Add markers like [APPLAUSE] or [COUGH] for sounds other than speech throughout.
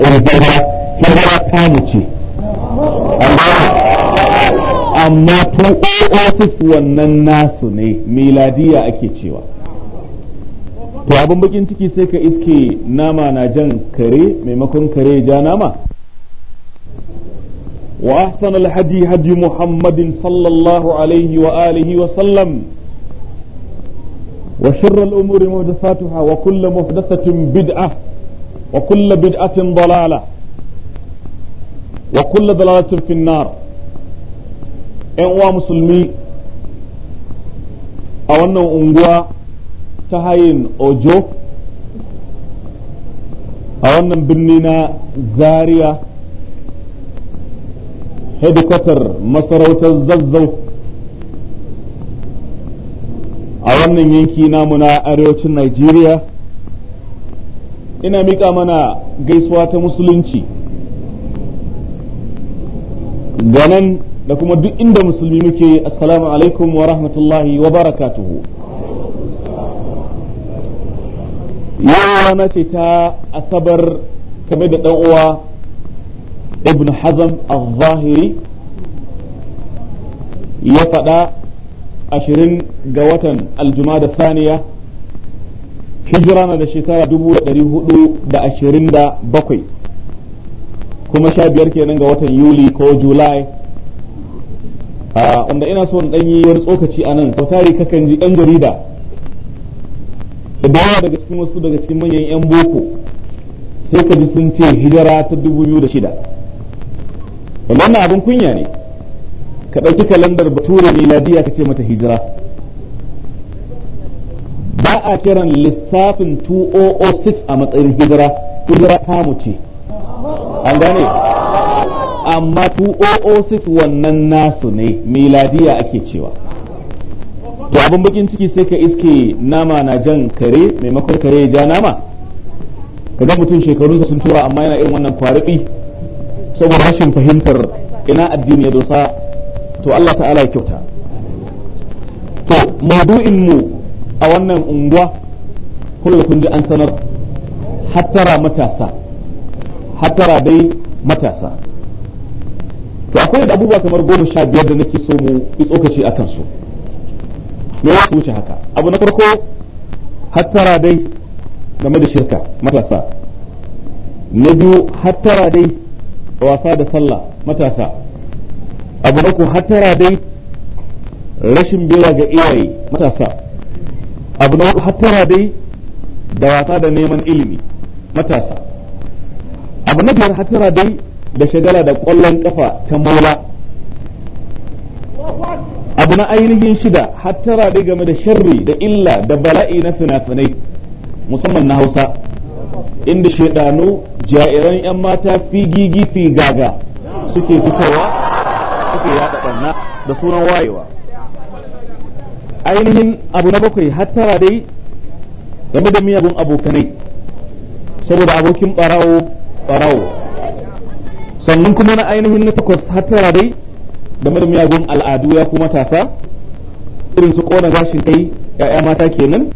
irgirma hijira ta ce amma 206 wannan nasu ne miladiya ake cewa to abin bakin ciki sai ka iske nama na jan kare maimakon kare ja nama وأحسن الهدي هدي محمد صلى الله عليه وآله وسلم وشر الأمور محدثاتها وكل محدثة بدعة وكل بدعة ضلالة وكل ضلالة في النار إن هو مسلمي أو أنه أنقوى تهين أوجو أو أنه بنينا زارية هيدكوتر كتر مصر وتززو أو أنه namu منا أريوش نيجيريا ina miƙa mana gaisuwa ta musulunci ganin da kuma duk inda musulmi muke assalamu alaikum wa rahmatullahi wa barakatuhu yau rana ce ta asabar kame da ɗan uwa ibn hazm al-zahiri ya faɗa ashirin ga watan aljuma da saniya hijira na da shekara dubu da ɗari hudu da ashirin da bakwai kuma sha biyar kenan ga watan yuli ko julai ah, wanda ina so in yi wani tsokaci a nan tari kakan ji ɗan jarida da daga cikin wasu daga cikin manyan 'yan boko sai ka ji sun ce hijira ta dubu biyu da shida wannan abin kunya ne ka ɗauki kalandar bature miladiya ka ce mata hijira ba a kiran lissafin 2006 a matsayin hijira hijira ta ce an gane amma 2006 wannan nasu ne miladiya ake cewa to abin bakin ciki sai ka iske nama na jan kare maimakon kare ya ja nama ka ga mutum shekarunsa sun tura amma yana irin wannan kwaribi saboda rashin fahimtar ina addini ya dosa to Allah ta'ala ya kyauta to maudu'in mu a wannan unguwa kuma kun ji an sanar hattara matasa hattara dai matasa to akwai da abubuwa kamar goma sha biyar da nake so mu yi tsokaci a kansu me ya wuce haka abu na farko hattara dai game da shirka matasa na biyu hattara dai wasa da sallah matasa abu na ku hattara dai rashin bera ga iyaye matasa abu na hudu hattara dai da wasa da neman ilimi matasa abu na biyar hattara dai da shagala da kwallon kafa ta mola abu na ainihin shida hattara dai game da sharri da illa da bala'i na fina-finai musamman na hausa inda shaidanu jairan 'yan mata figigi gaga suke fitowa suke yada barna da sunan wayewa ainihin abu na bakwai hattara dai game da miyagun abokanai saboda abokin barawo barawo sannan kuma na ainihin na takwas hattara dai game da miyagun al'adu ya kuma tasa irin su kona gashin kai ya'ya mata kenan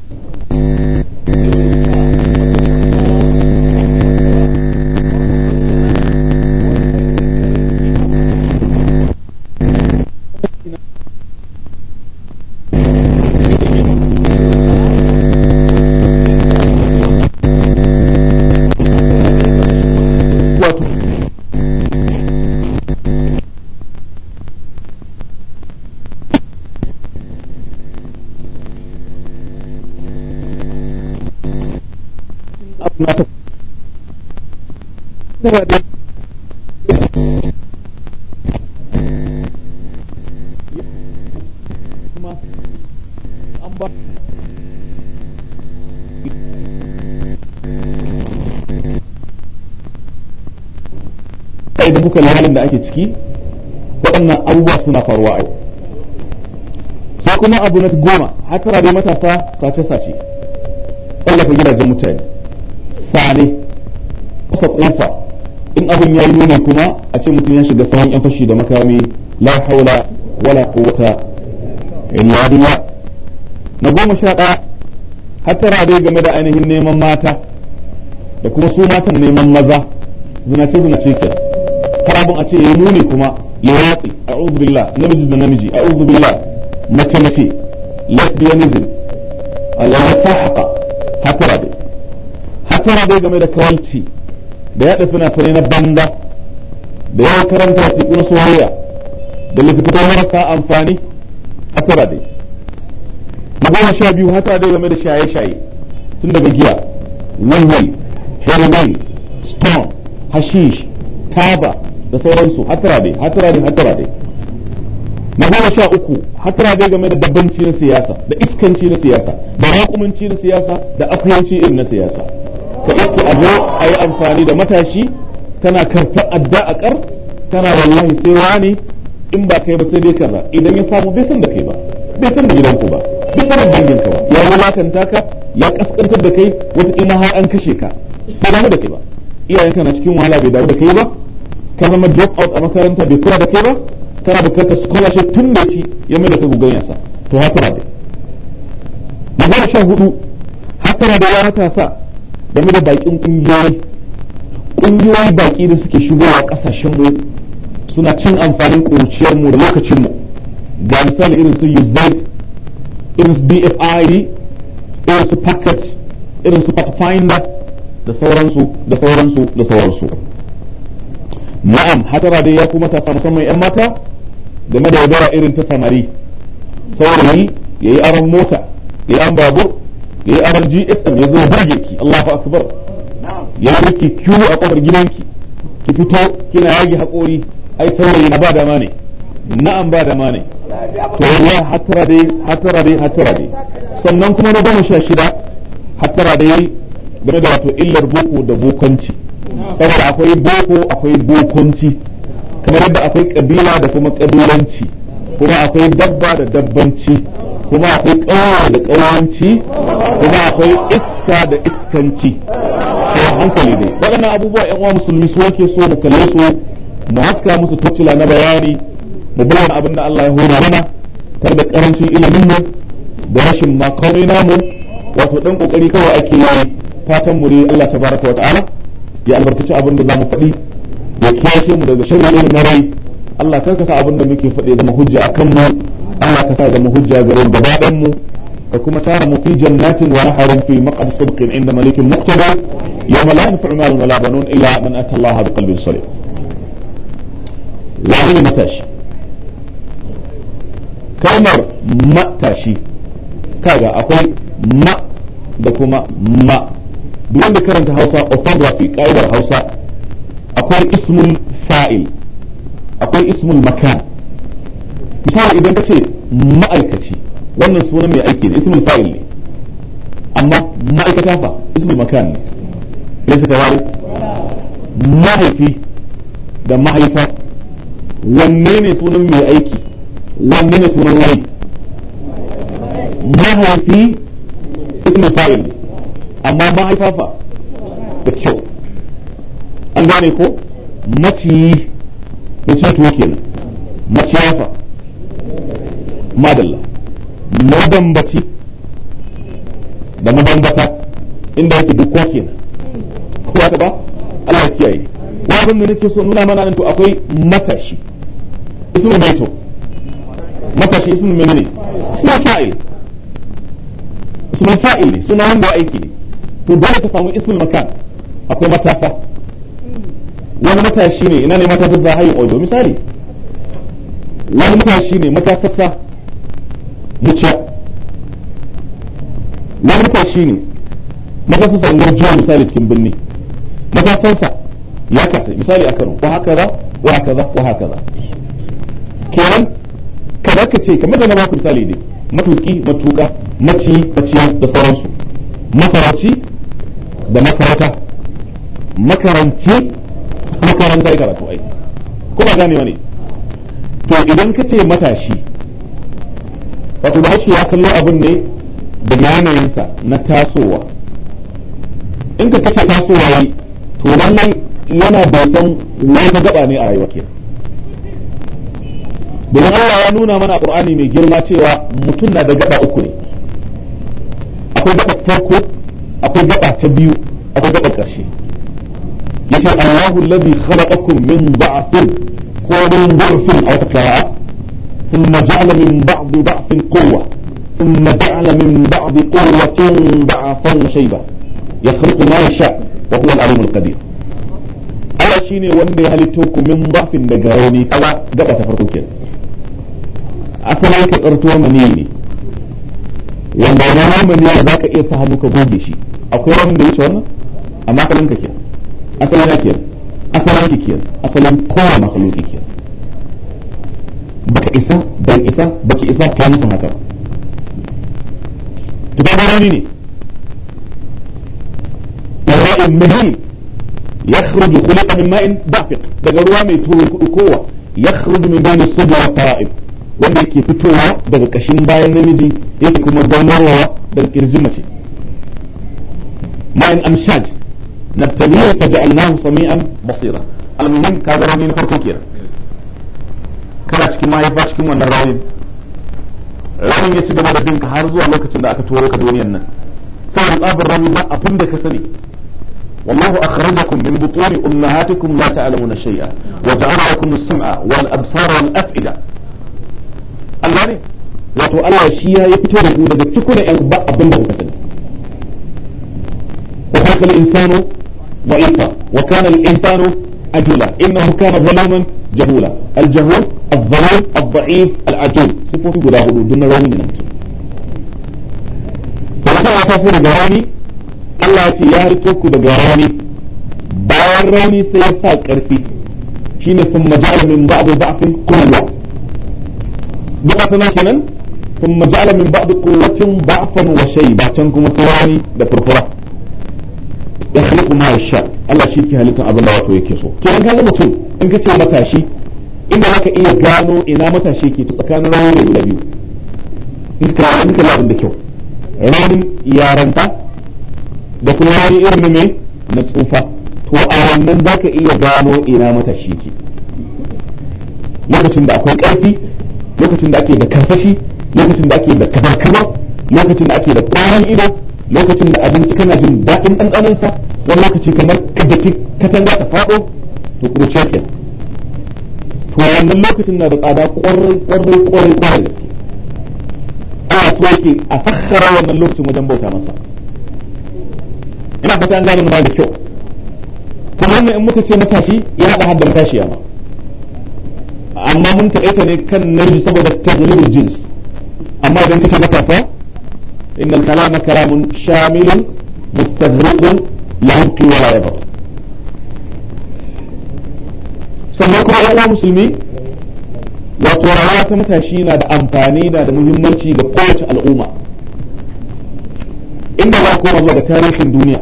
mata da kuka halin da ake ciki waɗannan abubuwa suna faruwa a sai kuma abu na goma hatara dai matasa sace-sace tsallafa gidajen mutane sare kusa kofa in abin ya yi nuni kuma a ce mutum ya shiga sahun yan fashi da makami la haula wala quwwata illa billah na goma sha ɗaya hattara dai game da ainihin neman mata da kuma su matan neman maza zinace zinace ke harabin a ce ya nuni kuma ya watsi billah namiji da namiji a'udhu billah mace mace lesbianism al-sahaqa hattara bincike game da kawalci da yaɗa fina-finai na banza da ya karanta su na soyayya da littattafai marasa amfani a tara dai na goma sha biyu haka dai game da shaye-shaye tun daga giya wani heroin stone hashish taba da sauransu hatara dai hatara dai hatara dai na goma sha uku hatara dai game da babbanci na siyasa da iskanci na siyasa da rakumanci na siyasa da akuyanci irin na siyasa ka ɗauki a a yi amfani da matashi tana karta adda a kar tana wallahi sai wani in ba kai ba sai dai kaza idan ya samu bai san da kai ba bai san da gidanku ba bai san da ka ba ya wulakanta ka ya kaskantar da kai wata ina har an kashe ka ba da kai ba iyayenka na cikin wahala bai dawo da kai ba ka zama drop out a makaranta bai kula da kai ba kana bukatar scholarship tun da ci ya mai da ka gugan yasa to haka ba dai magana sha hudu haka da ya matasa game da bakin kungiyoyi kungiyoyi baki da suke shigowa kasashen mu suna cin amfanin kuruciyar mu da lokacin mu ga misali irin su UZ irin su DFID irin su Packet irin su Pathfinder da sauransu da sauransu da sauransu na'am hatara dai ya kuma matasa musamman yan mata game da yabara irin ta samari saurayi ya yi aron mota ya an babur ya yi rgfm ya zo ya burge ki allahu akbar ya yi rike kiwo a kofar gidanki ki fito kina yage haƙori ai saurayi na ba dama ne na'am ba dama ne to ya hatara dai hatara dai hatara dai sannan kuma na goma sha shida hatara dai game da wato illar boko da bokonci saboda akwai boko akwai bokonci kamar yadda akwai kabila da kuma kabilanci kuma akwai dabba da dabbanci kuma akwai ƙawa da ƙawanci kuma akwai iska da iskanci a hankali dai waɗannan abubuwa yan uwa musulmi su wake so mu kalle su mu haska musu tocila na bayani mu bayyana abin da Allah ya hore mana tare da ƙarancin ilimin mu da rashin makarai namu wato ɗan ƙoƙari kawai ake yi fatan mu Allah tabaraka wa ta'ala ya albarkaci abin da zamu faɗi ya kiyashe mu daga sharri na rai Allah karkasa abin da muke faɗi zama hujja akan mu Allah ka sa zama hujja gare mu gabaɗayan mu ka kuma tara mu fi jannatin wa naharin fi maqam sidqin inda malikin muqtada yawma la yanfa'u malun wala banun illa man ata Allah biqalbin salim wani matashi kalmar matashi kaga akwai ma da kuma ma duk wanda karanta Hausa orthography ka'idar Hausa akwai ismul fa'il akwai ismul makan misali idan ce ma'aikaci wannan sunan mai aiki ne ismin fa'il ne amma ma'aikata fa ismin makan ne ne suka wari mahaifi da mahaifa wanne ne sunan mai aiki wanne ne sunan wani mahaifi ismin fa'il ne amma mahaifa fa da kyau an gane ko maciyi da ce tuwo kenan madalla madambaci da madambata inda yake duk kofi na kuwa ta ba Allah ya kiyaye wajen da nake so nuna mana nan to akwai matashi ismu mai to matashi ismu mai ne suna fa'il suna fa'il ne suna wanda aiki ne to dole ka samu ismul makan akwai matasa wani matashi ne ina ne matasa za a a ojo misali wani matashi ne matasassa zuciya na rufe shi ne matasansa in garjiya misali cikin birni matasansa ya kasa misali a kano ko haka za ko haka za ko haka za kenan kada ka ce kamar da na baku misali ne matuki matuka maci maci da sauransu masaraci da makarata makaranci makaranta ya karatu ai kuma gane wani to idan ka ce matashi wato da haƙƙi ya kallo abin ne da yanayinsa na tasowa in ka kashe tasowa yi to wannan yana bautan wani gaba ne a rayuwa kenan domin Allah ya nuna mana ƙur'ani mai girma cewa mutum na da gaba uku ne akwai gaba farko akwai gaba ta biyu akwai gaba ƙarshe yace Allahu alladhi khalaqakum min da'fin ko min a aw takara ثم جعل من بعض ضعف قوة ثم جعل من بعض قوة ضعفا شيبة يخلق ما يشاء وهو العليم القدير ألا شيني وندي هل توك من ضعف دقروني كما قد تفرقوا كده أصلا لك أرتوى منيني وما نعم من يعذاك إيسا هدوك بوديشي أقول لهم ليش وانا أما أقول لك كده أصلا لك كده أصلا لك كده أصلا كوة مخلوقي كده baka isa bai isa baki isa ka musu haka to ka ga ne الماء المهين يخرج خلق من ماء دافق daga ruwa mai kowa yakhruju min bayni sudur wa tara'ib wanda yake fitowa daga kashin bayan namiji yake kuma damarwa daga kirjin mace ma'an amshaj nabtaliya faja'alnahu sami'an basira al-muhim ka zama ne na farko kenan kuma haifa cikin wannan rawayin rawayin ya ci gaba da binka har zuwa lokacin da aka turo ka duniyar nan sai an tsabar rami ba abin da ka sani wallahu والله أخرجكم من بطون أمهاتكم لا تعلمون شيئا وجعل لكم السمع والأبصار والأفئدة الله ne wato Allah shi ya yi fito da ku daga cikin ɗan ba abin da kuka sani wa khalaqa al-insana da'ifa wa kana al-insanu ajula innahu kana zaluman jahula al-jahul الضلال الضعيف العتوب صفوفي قد أقول دون روني من أمتون فلسا أتفو لقراني الله تياري توكو لقراني باراني سيسا كرفي شين ثم جعل من بعض ضعف قوة ضعفنا كنا ثم جعل من بعض قوة ضعفا وشيبة تنكم سراني لفرفرة يخلق ما يشاء الله شيء فيها لكم أبدا وتويكسو كنا قال لمتون إنك تسير متاشي inda ka iya gano ina matashi ke tsakanin rauni da guda biyu in ka in ka da kyau rawanin yaranta da kuma rauni irin ne na tsufa to a wannan za ka iya gano ina matashi ke lokacin da akwai ƙarfi lokacin da ake da karsashi lokacin da ake da kabar lokacin da ake da kwanan ido lokacin da abinci kana jin daɗin ɗanɗanonsa wani lokaci kamar ka katanga ta faɗo to kuma ce توان الموكس النار قادا قرر قرر قرر قرر اسويكي افخر يوم ان لابن مالك شو فمهم هذا حد متاشي يا ما اما ان الكلام كلام شامل مستغرق sannan kuma ya musulmi wato rawa ta matashi na da amfani na da muhimmanci ga kowace al'umma inda za koma zuwa ga tarihin duniya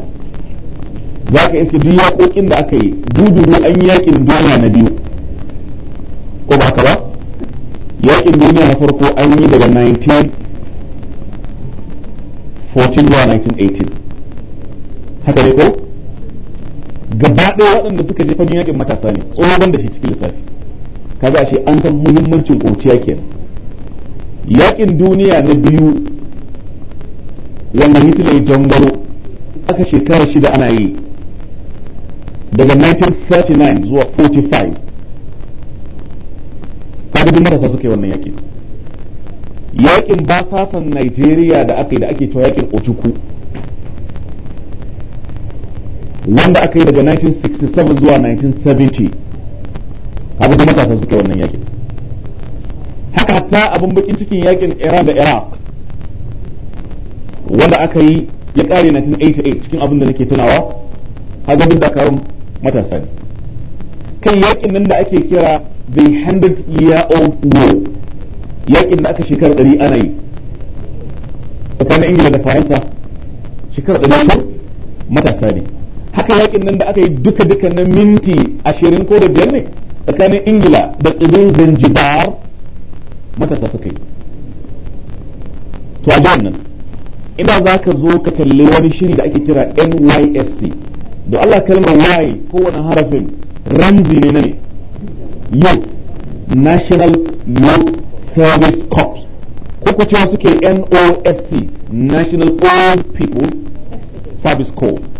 za ka iske duk yaƙoƙin da aka yi dududu an yi yaƙin duniya na biyu ko ba ka ba yaƙin duniya na farko an yi daga 1914 zuwa 1918 haka ne ko gaba ɗaya waɗanda suka je fannin yakin matasa ne tsohon da shi cikin lissafi kaga shi an san muhimmancin ƙociya kenan yaƙin duniya na biyu wanda Hitler ya jangaro aka shekara shida ana yi daga 1939 zuwa 45 kaga duk matasa suka yi wannan yaƙin. yakin basasan Najeriya da aka yi da ake cewa yakin otuku wanda aka yi daga 1967 zuwa 1970 haka da matasa suke wannan yakin haka ta abin bakin cikin yakin Iran da Iraq wanda aka yi ya kare 1988 cikin abin da nake tunawa haka duk dakarun matasa ne kan yakin nan da ake kira the 100 year old war yakin da aka shekara ɗari ana yi tsakanin ingila da faransa shekara ɗari matasa ne haka yakin nan da aka yi duka duka na minti ashirin ko da biyar ne tsakanin ingila da tsibirin zanjibar matasa suka yi to a nan ina za ka zo ka kalli wani shiri da ake kira nysc da allah kalmar y kowane harafin ramzi ne na ne yau national youth service corps ko cewa suke nosc national old people service corps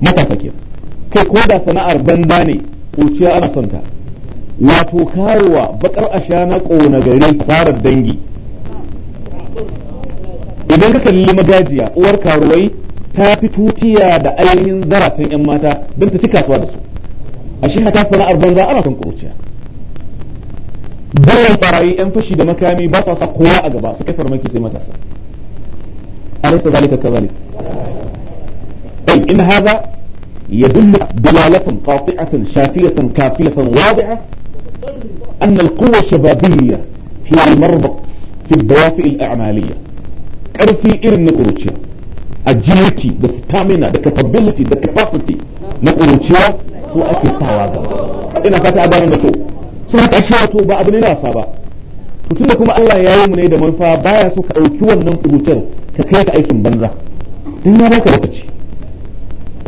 matasa ke kai ko da sana'ar banza ne kuciya ana son ta wato karuwa bakar na ƙona gari tsarar dangi idan ka kalli magajiya uwar karuwai ta fi tutiya da ainihin zaratan yan mata don ta ci kasuwa da su a shi hata sana'ar banza ana son kuruciya bayan barayi yan fashi da makami ba sa sa kowa a gaba su kafar maki sai matasa alaisa zalika kazalik أي إن هذا يدل دلالة قاطعة شافية كافية واضحة أن القوة الشبابية هي المربط في الدوافئ الأعمالية كارفي إرن نقروتيا agility the stamina the capability the capacity na ƙuruciya su ake sawa gaba ina fata abin da to su haka cewa to ba abu ne wasa ba to tunda kuma Allah ya yi mu ne da manufa baya so ka ɗauki wannan ƙuruciyar ka kai ta aikin banza don ya baka lokaci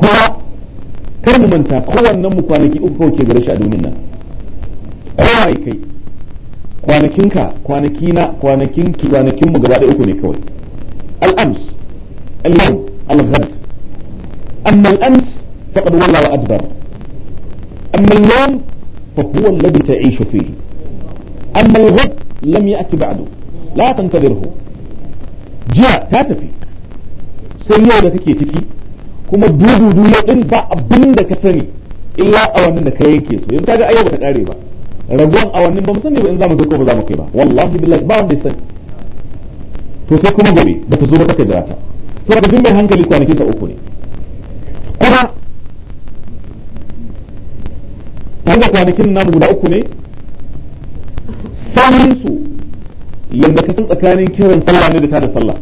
kuma kar mu manta kowannen mu kwanaki uku kawai ke gare shi a domin nan rawai kai kwanakinka kwanaki na kwanakin ki kwanakin mu gaba ɗaya uku ne kawai al-ams al-yawm al-ghad amma al-ams faqad walla wa adbar amma al-yawm fa huwa alladhi ta'ishu fihi amma al-ghad lam ya'ti ba'du la tantadirhu jiya ta tafi sai yau da kake ciki kuma dubu yau din ba abin da ka sani illa awannin da ka yanke su yanzu kaga ayyuka ta kare ba ragon awannin ba mu sani ba in zamu kai ko ba zamu kai ba wallahi billahi ba wanda ya sani to sai kuma gobe ba ta zo ba kake jira ta sai ka dinga hankali kwanakin ta uku ne kuma wanda kwanakin namu guda uku ne sanin su yadda ka san tsakanin kiran sallah ne da ta da sallah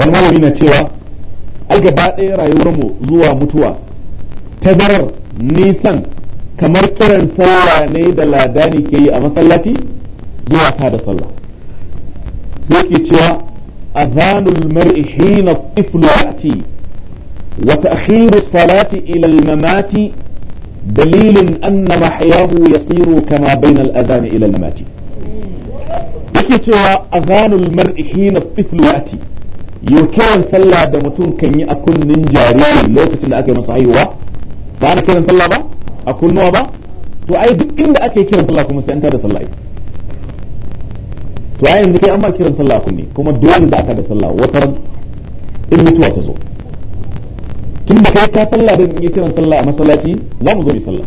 wani malami na cewa ai gaba ɗaya rayuwarmu zuwa mutuwa tazarar nisan kamar kiran sallah ne da ladani ke yi a masallaci zuwa ta da sallah sai ke cewa azanul mar'i hina tiflu ya'ti wa ta'khiru salati ila al-mamati dalilin anna mahyahu yasiru kama bayna al ila al-mamati yake cewa azanul mar'i hina tiflu yau kiran sallah da mutum kan yi a kunnin jariri lokacin da aka yi masa haihuwa ba na kiran sallah ba a kunnuwa ba to ai duk inda aka yi kiran sallah kuma sai an tada sallah to ai yanzu kai an ba kiran sallah kunne kuma dole za ka da sallah wata ran in mutuwa ta zo tun da kai ka sallah da yi kiran sallah a masallaci za mu zo mu sallah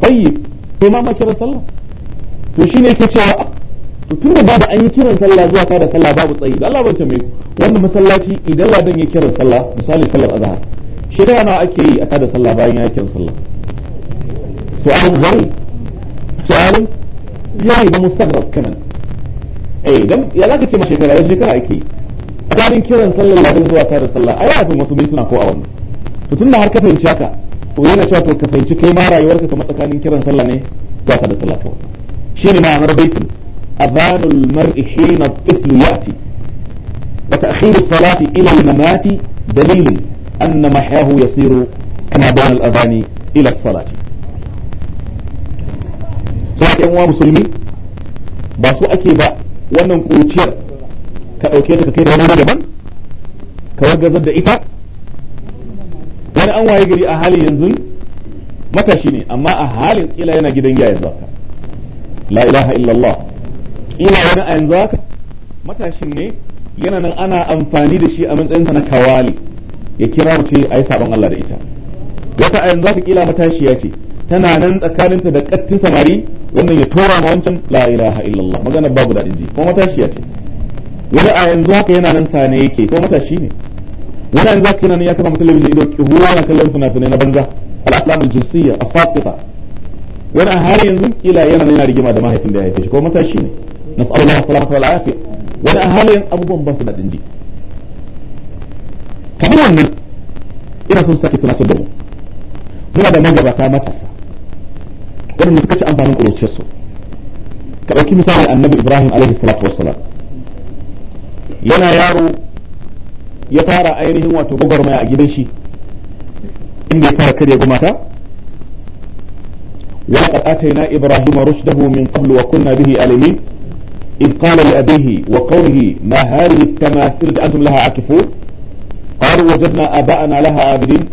tayyib kai ma ma kiran sallah to shine ke cewa to da babu an yi kiran sallah zuwa ta da sallah babu tsayi da Allah bai tambaye ku wannan masallaci idan ladan ya kiran sallah misali sallar azhar shekara nawa ake yi a ta da sallah bayan ya kiran sallah an zai su'alun yayi ba mustaqbal kaman eh dan ya zaka ce ma shekara ya shekara ake yi kiran sallar ladan zuwa ta da sallah ai abin wasu mintuna ko a wannan to da har ka fahimci haka to yana cewa to ka fahimci kai ma rayuwarka kamar tsakanin kiran sallah ne zuwa ta da sallah kawai shine ma'anar baitin أذان المرء حين الطفل يأتي وتأخير الصلاة إلى الممات دليل أن محياه يصير كما بان الأذان إلى الصلاة صلاة أموى مسلمي باسو أكيبا وأنهم كوتير كأوكيتك كيف هنا جبن كوجز da ita wani an waye gari a halin yanzu matashi ne amma a halin kila yana gidan yayin zaka la ilaha illallah ina wani a yanzu haka matashin ne yana nan ana amfani da shi a matsayinsa na kawali ya kira mace a yi sabon Allah da ita wata a yanzu haka kila ya ce tana nan tsakaninta da kattin samari wannan ya tora ma wancan la ilaha illallah magana babu daɗin ji ko ya ce wani a yanzu haka yana nan sane yake ko matashi ne wani a yanzu haka yana nan ya kama mutum da ido kihuwa na kallon fina-finai na banza al'adun jinsiyya a wani har yanzu kila yana nan yana rigima da mahaifin da ya haife shi ko matashi ne nas'alullah salamata wal afiya wani a halayen abubuwan ba su da dinji kamar wannan ina son sake tunatar da mu muna da magabata matasa waɗanda suka ci amfanin ƙuruciyarsu ka ɗauki misali annabi ibrahim alaihi salatu yana yaro ya fara ainihin wato maya a gidan shi in ya fara karya gumata ولقد آتينا إبراهيم رشده من قبل kunna bihi عالمين إذ قال لأبيه وقومه ما هذه التماثيل أنتم لها عاكفون قالوا وجدنا آباءنا لها عابدين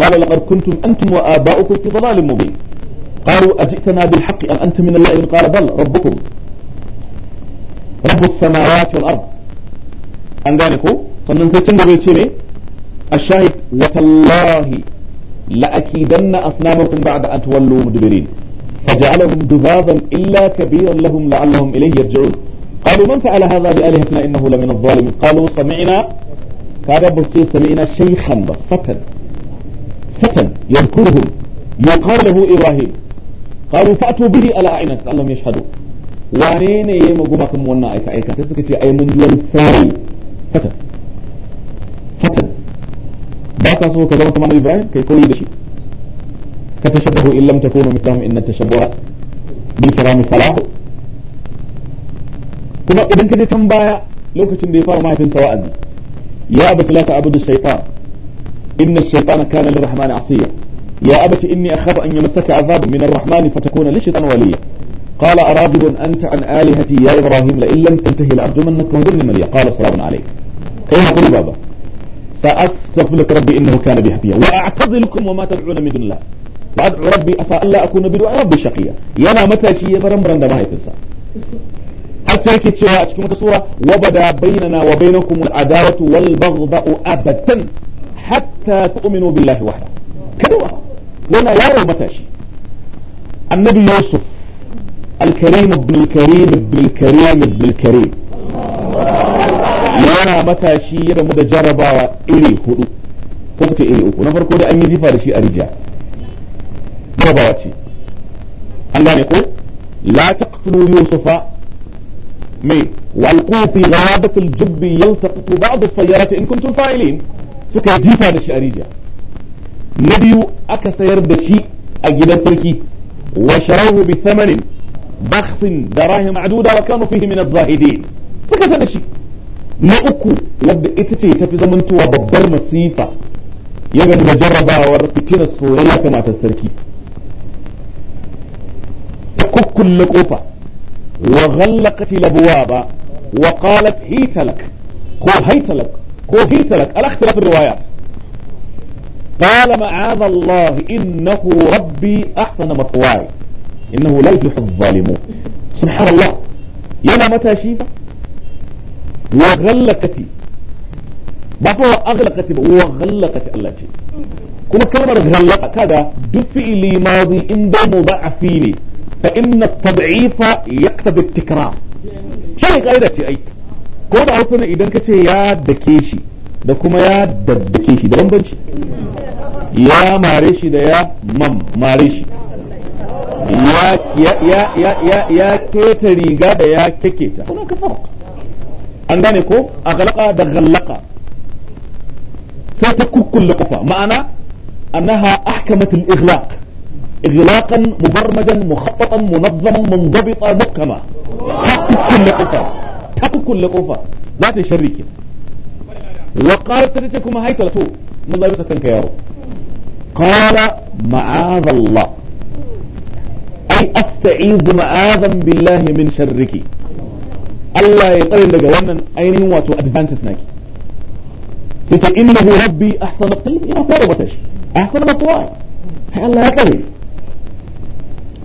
قال لقد كنتم أنتم وآباؤكم في ضلال مبين قالوا أجئتنا بالحق أم أنتم من الله قال بل ربكم رب السماوات والأرض أن ذلك فننتجن بيتيني الشاهد وتالله لأكيدن أصنامكم بعد أن تولوا مدبرين فجعلهم ذبابا إلا كبيرا لهم لعلهم إليه يرجعون قالوا من فعل هذا بآلهتنا إنه لمن الظالمين قالوا سمعنا هذا بصير سمعنا شيخا فتى فتى يذكرهم يقال له إبراهيم قالوا فأتوا به على أعينك لعلهم يشهدون wane يوم ya والنائك أي wannan aika-aika sai suka فتى فتى mun ji wani sarai fatan fatan ba ka فتشبهوا إن لم تكونوا مثلهم إن التشبه من كرام صلاح كما إذن كده تنبايا لو كنت ندي فارو ما يفين سواء يا أبت لا تعبد الشيطان إن الشيطان كان للرحمن عصية يا أبت إني أخاف أن يمسك عذاب من الرحمن فتكون للشيطان وليا قال أرابض أنت عن آلهتي يا إبراهيم لئن لم تنتهي الأرض من نكون قال سلام عليك أيها قولي بابا سأستغفر ربي إنه كان بي حفيا وما تدعون من دون الله rabbi afa alla akuna bi du'a rabbi shaqiya yana matashi ya baran da mahaifinsa har cewa a cikin wata sura wa bada bainana wa bainakum al-adawatu wal baghdha'u abadan hatta tu'minu billahi wahda kada yana yaro matashi annabi yusuf الكريم ابن الكريم ابن الكريم ابن yana matashi ya damu da jarabawa iri hudu ko iri uku na farko da an yi zifa da shi a rijiya ضرباتي الله يقول لا تقتلوا يوسف مي والقوا في غابة الجب يلتقط بعض السيارات إن كنتم فاعلين سكا جيفا دشي أريجا نبيو أكا سير دشي أجل تركي وشروه بثمن بخس دراهم معدودة وكانوا فيه من الزاهدين سكا ما اكو لب إتتي تفز منتوا ببر مصيفة يجب أن نجرب وربكين الصورة لا كما تستركي تككل قوفا وغلقت الابواب وقالت هيت لك هو هيت لك هو هيت لك على اختلاف الروايات قال معاذ الله انه ربي احسن مثواي انه لا يفلح الظالمون سبحان الله يلا متى شيفا وغلقت ba أغلقت وغلقت الله wa ghallaqati Allah ce kuma kalmar ghallaqa kada duk fi'ili madi فإن التضعيف يقتضي التكرار شيء da أي كود أوصنا إذا كنت يا دكيشي da kuma ya daddake shi da bambanci ya mare shi da ya mam mare shi ya keta riga da ya keketa kuna an gane ko a galaka da galaka sai ta kukkulle kafa ma'ana annaha ahkamat al إغلاقا مبرمجا مخططا منظما منضبطا محكما تحكي كل قفا تحكي كل قفا لا الشريك وقال تجتكم هاي ثلاثو من لا يسكن كيارو قال معاذ الله أي أستعيذ معاذا بالله من شركي الله يطلع لك وانا أين هو تو أدفانسس ناكي إنه ربي أحسن قلبي يا رب أحسن هاي الله يطلع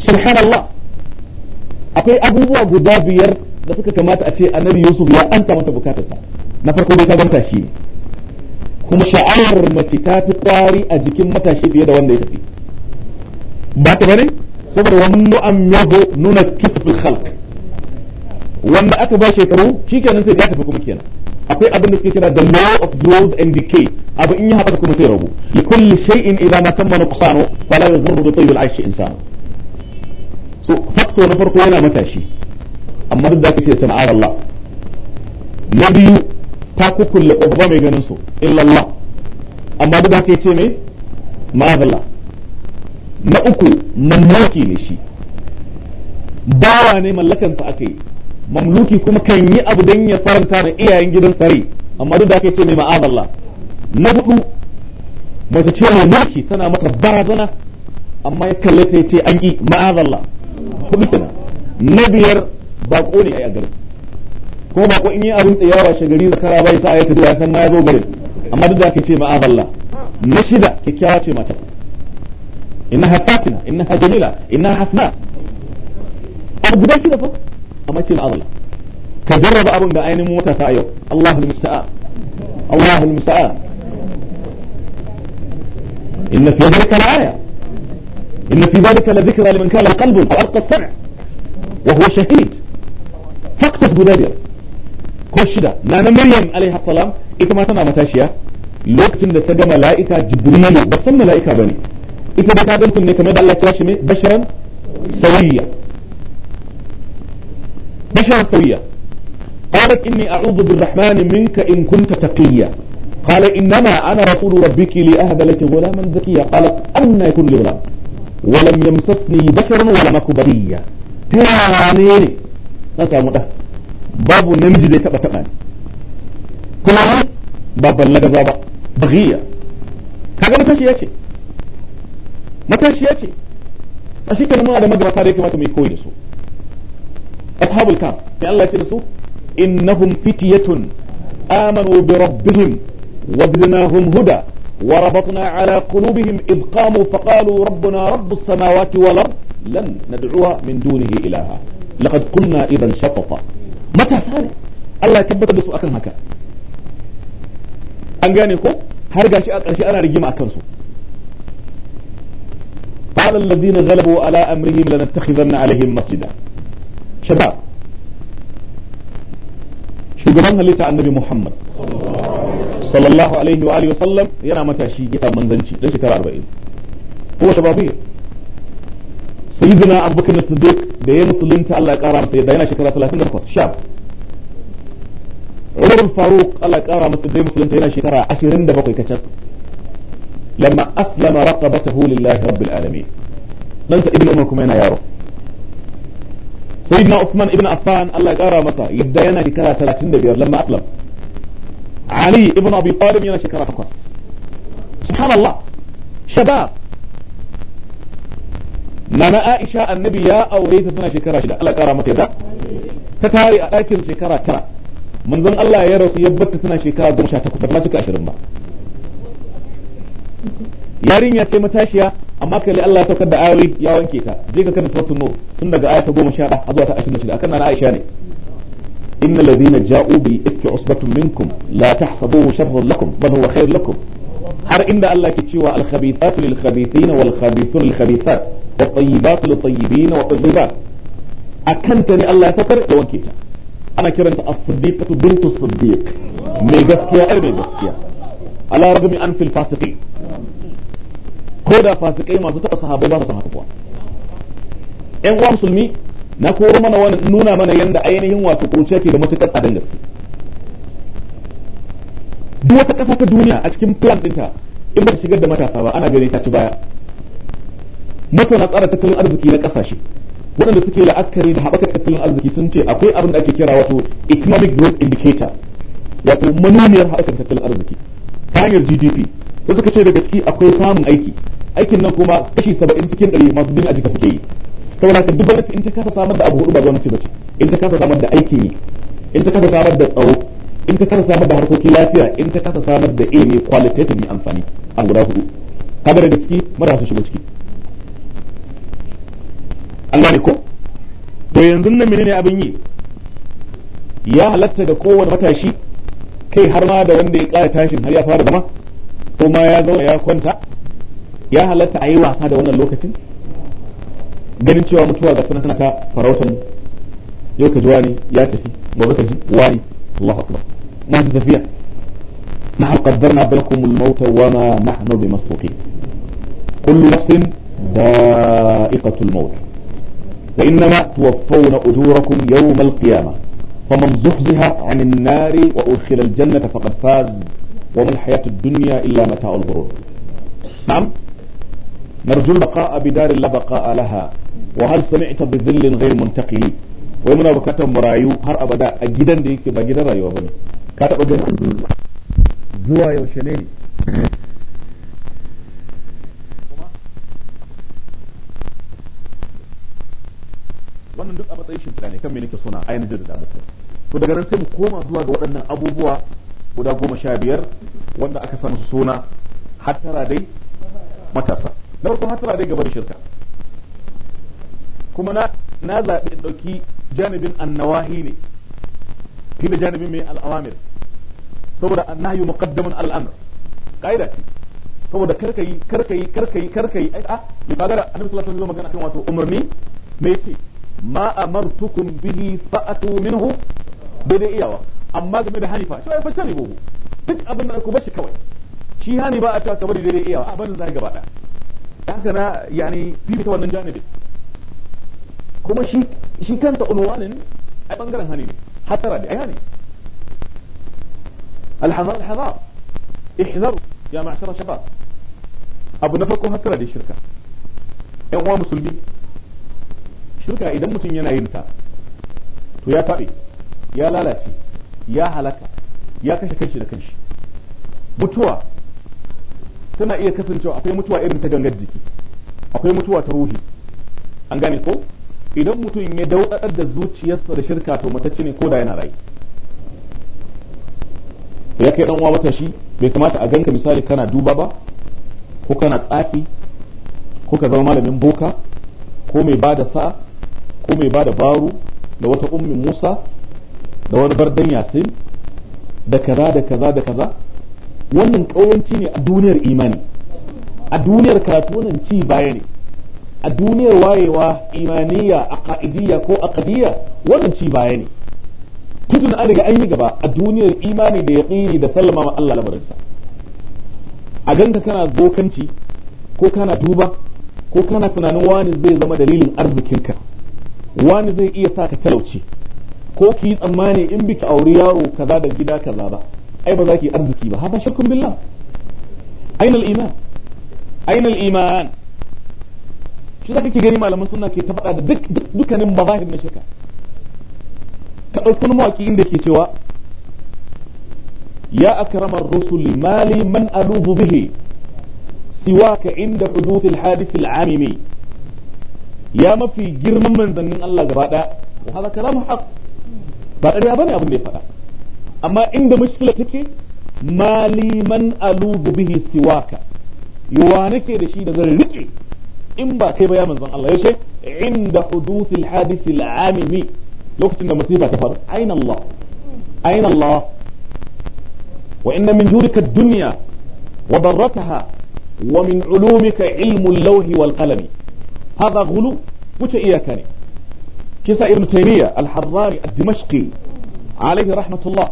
subhanallah akwai abubuwa guda biyar da suka kamata a ce annabi yusuf ya anta mata bukatarsa na farko dai ta ganta shi kuma sha'awar mace ta fi kwari a jikin matashi fiye da wanda ya tafi ba ta bane saboda wani mu'ammahu nuna kisfil khalq wanda aka ba shekaru shikenan sai ya tafi kuma kenan akwai abin da suke kira the law of growth and decay abu in ya haɓaka kuma sai rabu li kulli shay'in idan ma tamma nuqsanu fala yadhurru bi tayyib al-aish insanu so fakto na farko yana matashi amma duk da kace ce sana'ar Allah na biyu ta kukulle ƙofa mai ganin su Allah amma duk da ka ce mai ma'azallah na uku mamaki ne shi bawa ne mallakansa aka yi mamluki kuma kan yi abu dan ya faranta da iyayen gidan sare amma duk da aka ce mai ma'azallah na hudu mace ce mai mulki tana mata barazana amma ya kalle ta ce an yi ma'azallah hudu kenan na biyar bako ne ai a garin kuma bako in yi abin tsayawa washe gari zakara bai sa ya tafi ya san ma ya zo garin amma duk da ake ce ma'azalla na shida kyakkyawa ce mata innaha fatina innaha jamila innaha hasna abu guda shida fa amma ce ma'azalla ka jarraba abin da ainihin matasa a yau Allahul musta'an Allahul musta'an inna fi dhalika la'aya إن في ذلك لذكرى لمن كان القلب ألقى السمع وهو شهيد فاقتف بذادر كوشدا نانا مريم عليها السلام إذا ما تنا متاشيا لوقت إن تجا ملائكة جبريل بس ملائكة بني إذا ما تعلمت إن كما بعلى تراشمي بشرا سويا بشرا سويا قالت إني أعوذ بالرحمن منك إن كنت تقيا قال إنما أنا رسول ربك لأهب لك غلاما زكيا قالت أنا يكون لغلام walam yamtasni basharun wala makubariya ta yaya ne samu ɗa babu namiji taɓa taɓa kuma ba ba baghiya kaga matashiya ce matashiya ce a shi kenan muna da magabata da ya kamata da su ashabul kam fitiyatun huda وربطنا على قلوبهم إذ قاموا فقالوا ربنا رب السماوات والأرض لن ندعوها من دونه إلها لقد قلنا إذا شططا متى ثاني الله يتبت بسوء أكن هكا أنجاني خو هرقا شيء أنا رجيم أكنسو قال الذين غلبوا على أمرهم لنتخذن عليهم مسجدا شباب شو قبلنا ليس النبي محمد صلى الله عليه وآله وسلم يرى متى شيء كتاب منزنشي ليش كرا أربعين هو شبابي سيدنا أبو بكر الصديق بين مسلم الله كرام سيدنا شكرا ثلاثين رخص شاب عمر الفاروق الله كرام سيدنا مسلم سيدنا شكرا عشرين دبقوا كشف لما أسلم رقبته لله رب العالمين ننسى ابن أمكم كمينا يا رب سيدنا عثمان ابن عفان الله كرامته يدينا شكرا ثلاثين دبير لما أسلم Ali ibn Abi Adam yana shekara takwas subhanallah shabab nana Aisha annabi ya aure ta tana shekara shida Allah kara yadda ta tare a ɗakin shekara tara manzon Allah ya rasu ya batta tana shekara goma sha takwas ba cika ashirin ba yarinya ce matashiya amma kai Allah ya saukar da ayoyi ya wanke ta je ka karanta suratul nur tun daga aya ta 11 har ta Aisha ne إن الذين جاءوا بالإفك عصبة منكم لا تحسبوه شرا لكم بل هو خير لكم har inda Allah ke cewa alkhabithatu lil khabithina wal khabithun lil khabithat wat tayyibatu lit tayyibina wat ne Allah ya sakar da wanke ana kiranta as-siddiqatu bintu siddiq mai gaskiya ai mai gaskiya ala an fil fasiqin ko da masu taba sahabbai ba su san haka musulmi na koro mana wannan nuna mana yadda ainihin wato kuruciya ke da matukar tsadan gaske duk wata ƙasa ta duniya a cikin plan ɗinta in ba shigar da matasa ba ana ganin ta ci baya masana tsara tattalin arziki na ƙasashe waɗanda suke la'akari da haɓaka tattalin arziki sun ce akwai abin da ake kira wato economic growth indicator wato manuniyar haɓakar tattalin arziki ta hanyar GDP ko suka ce daga ciki akwai samun aiki aikin nan kuma kashi saba'in cikin ɗari masu bin a jika suke yi saboda ka duk gwamnati in ta kasa samar da abu hudu ba gwamnati ba ce in ta kasa samar da aikin yi in ta kasa samar da tsaro in ta kasa samar da harkokin lafiya in ta kasa samar da ilimi qualitative mai amfani a guda hudu kaga da ciki mara su shiga ciki an gane ko to yanzu nan menene abin yi ya halatta da kowane matashi kai har ma da wanda ya kara tashin har ya fara zama ko ma ya zauna ya kwanta ya halatta a yi wasa da wannan lokacin ganin cewa mutuwa ga sunan tana ta farautar yau ka ji wani ya tafi gobe ka ji wani Allahu akbar na ta tafiya نحن قدرنا بينكم الموت وما نحن بمسروقين كل نفس ذائقة الموت وإنما توفون أجوركم يوم القيامة فمن زحزح عن النار وأدخل الجنة فقد فاز وما الحياة الدنيا إلا متاع الغرور نعم نرجو البقاء بدار لا بقاء لها wa hal sami'ta bi dhillin ghayr muntaqili wai muna bukatar mu rayu har abada a gidan da yake ba gidan rayuwa bane ka taba ga zuwa yaushe ne wannan duk a matsayin shimfiɗa ne kan me nake suna ayyana jirgin da mutum daga nan sai mu koma zuwa ga waɗannan abubuwa guda goma sha biyar wanda aka samu suna hattara dai matasa na farko hattara dai gaba da shirka kuma na na zaɓi in ɗauki janibin annawahi ne shi da janibin mai al'awamir saboda annahyu muqaddamun al'amr kaida ce saboda karkayi karkayi karkayi karkayi ai a libagara annabi sallallahu alaihi wasallam magana kan wato umarni me yace ma amartukum bihi fa'atu minhu bai dai iyawa amma game da hanifa shi ya fashe ne gogo duk abin da ku bashi kawai shi hani ba a cewa ka bari daidai iyawa abin da za gaba da haka na yani ta wannan janibin kuma shi shi kanta unwanin a bangaren hani ne hatara ne ayani alhazar alhazar ihzar ya ma'ashara shabab abu na farko hatara da shirka yan uwa musulmi shirka idan mutum yana yin ta to ya faɗi ya lalace ya halaka ya kashe kanshi da kanshi mutuwa tana iya kasancewa akwai mutuwa irin ta gangar jiki akwai mutuwa ta ruhi an gane ko idan mutum ya daudadar da zuciyarsa da shirka to matacce ne ko da yana rai ya kai ɗan wata shi bai kamata a ganka misali kana duba ba ko kana tsafi ko ka zama malamin boka ko mai ba da sa ko mai ba da baro da wata ummin Musa da wani bardan Yasin da kaza da kaza da kaza wannan ƙawanci ne a duniyar imani a duniyar karatu wannan ci baya ne a duniyar wayewa imaniya a ka'idiyya ko a aqdiyya wannan ci baya ne tutun an riga an gaba a duniyar imani da yaƙini da sallama ma Allah lamarinsa a ganka kana zokanci ko kana duba ko kana tunanin wani zai zama dalilin arzikinka wani zai iya sa ka talauci ko ki tsammani in biki auri yaro kaza da gida kaza ba ai ba za ki arziki ba haka shakkun billah ainal iman ainal iman shi da kake gani malaman suna ke ta da duk dukkanin mazahir na shirka ka ɗauki mawaki inda ke cewa ya akramar rusul mali man alubu bihi siwaka inda hudutul hadith al'amimi ya mafi girman manzannin Allah gaba daya wa hada kalamu haq ba ƙarya bane abin da ya faɗa amma inda mushkila take mali man alubu bihi siwaka yawa nake da shi da zan rike in ba kai ba ya manzon Allah yace inda huduth alhadith alamimi lokacin da musiba ta faru aina Allah aina Allah wa inna min jurika ad-dunya wa darrataha wa min ulumika ilmu al-lawhi wal qalami hada ghulu wuce iyaka ne kisa ibn taymiya al-harrani ad-dimashqi alayhi rahmatullah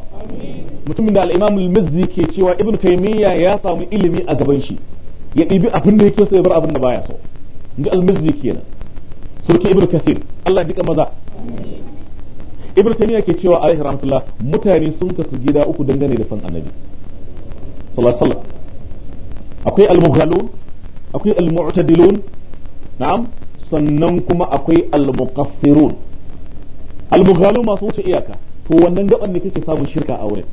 mutumin da al-imam al-mizzi ke cewa ibn taymiya ya samu ilimi a gaban shi ya ɗibi abin da yake so ya bar abin da baya so ga almizri kenan surki ibnu kathir Allah ya jika maza ibn taymiya ke cewa alaihi rahmatullah mutane sun kasu gida uku dangane da san annabi sallallahu alaihi akwai al akwai al na'am sannan kuma akwai al-muqaffirun masu wuce iyaka to wannan gaban ne kake samun shirka a wurin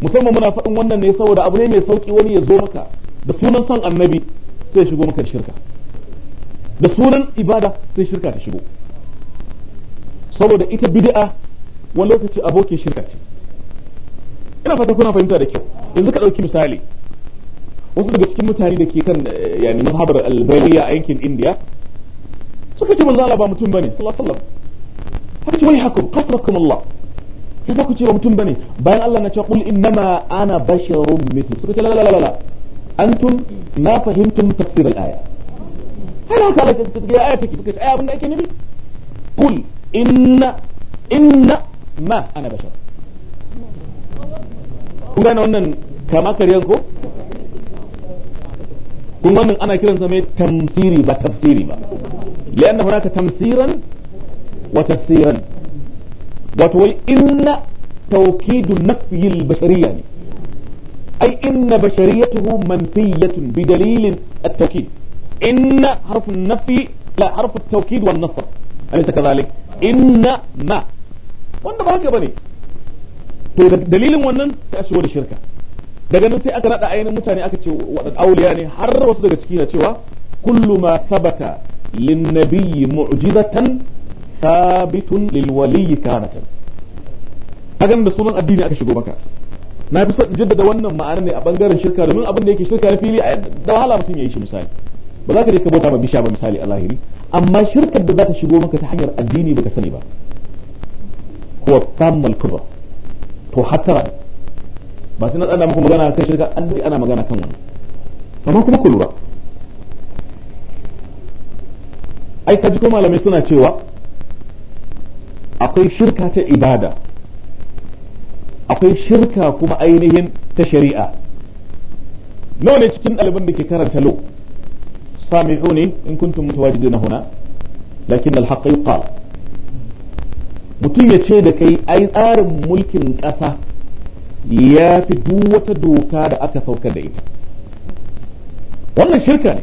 musamman muna faɗin wannan ne saboda abu ne mai sauki wani ya zo maka da sunan san annabi sai shigo maka shirka da sunan ibada sai shirka ta shigo saboda ita bid'a wani lokaci abokin shirka ce ina fata kuna fahimta da kyau yanzu ka dauki misali wasu daga cikin mutane da ke kan yani mazhabar albaniya a yankin indiya suka ce manzala ba mutum bane sallallahu alaihi wasallam haka ce wai Allah sai ba ku ce ba mutum bane bayan Allah na ce qul innama ana basharun mithlu suka ce la la la la antum na fahimtum tafsir al-aya هل هكذا تتقي آياتك بكت آية من نبي قل إن إن ما أنا بشر قل أنا أنن كما كريانكو قل من أنا كريان سمي تمثيري بتفسيري با لأن هناك تمثيرا وتفسيرا وتقول إن توكيد النفي البشري يعني أي إن بشريته منفية بدليل التوكيد إن حرف النفي لا حرف التوكيد والنصر أليس كذلك إن ما وأنا بهاك بني to dalilin wannan sai a shigo da shirka daga nan sai aka naɗa ainihin mutane aka ce waɗanda auliya ne har wasu daga ciki na cewa kullu ma sabata linnabiyyi mu'jizatan sabitun lil waliyyi kanatan hakan da sunan addini aka shigo maka na fi son jaddada wannan ma'ana ne a bangaren shirka domin abin da yake shirka na fili da wahala mutum ya yi shi misali ba za ka je ka bauta ma bisha ba misali a zahiri amma shirkar da za ta shigo maka ta hanyar addini baka sani ba huwa tammal kubra to hatara ba sai na tsada muku magana kan shirka an ana magana kan wani amma kuma ku lura ai ka ji ko malamai suna cewa akwai shirka ta ibada akwai shirka kuma ainihin ta shari'a nawa ne cikin ɗaliban da ke karanta lo سامعوني إن كنتم متواجدين هنا لكن الحق يقال mutum ya ce da kai ai tsarin mulkin ƙasa ya fi duk wata doka da aka sauka da ita wannan shirka ne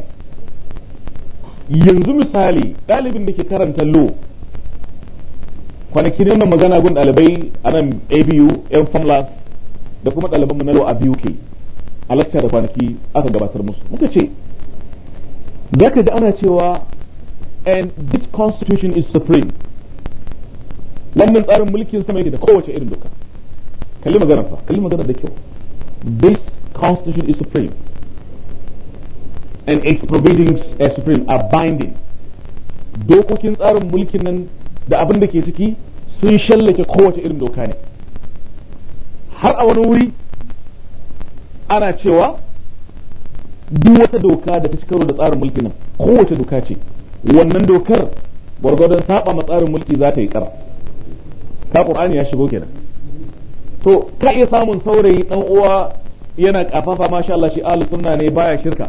yanzu misali ɗalibin da ke karanta lo kwanaki ne magana gun ɗalibai a nan abu yan famlas da kuma ɗalibanmu na lo a biyu ke a da kwanaki aka gabatar musu muka ce da ka ana cewa and this constitution is supreme wannan tsarin mulkin sama yake da kowace irin doka kalli magana fa kalli magana da kyau this constitution is supreme and its provisions are supreme are binding dokokin tsarin mulkin nan da abin da ke ciki sun shallake kowace irin doka ne har a wani wuri ana cewa duk wata doka da ta ci karo da tsarin mulki nan kowace doka ce wannan dokar gwargwadon saba ma tsarin mulki za ta yi kara ka qur'ani ya shigo kenan to ka iya samun saurayi dan uwa yana kafafa masha Allah shi ahlus sunna ne baya shirka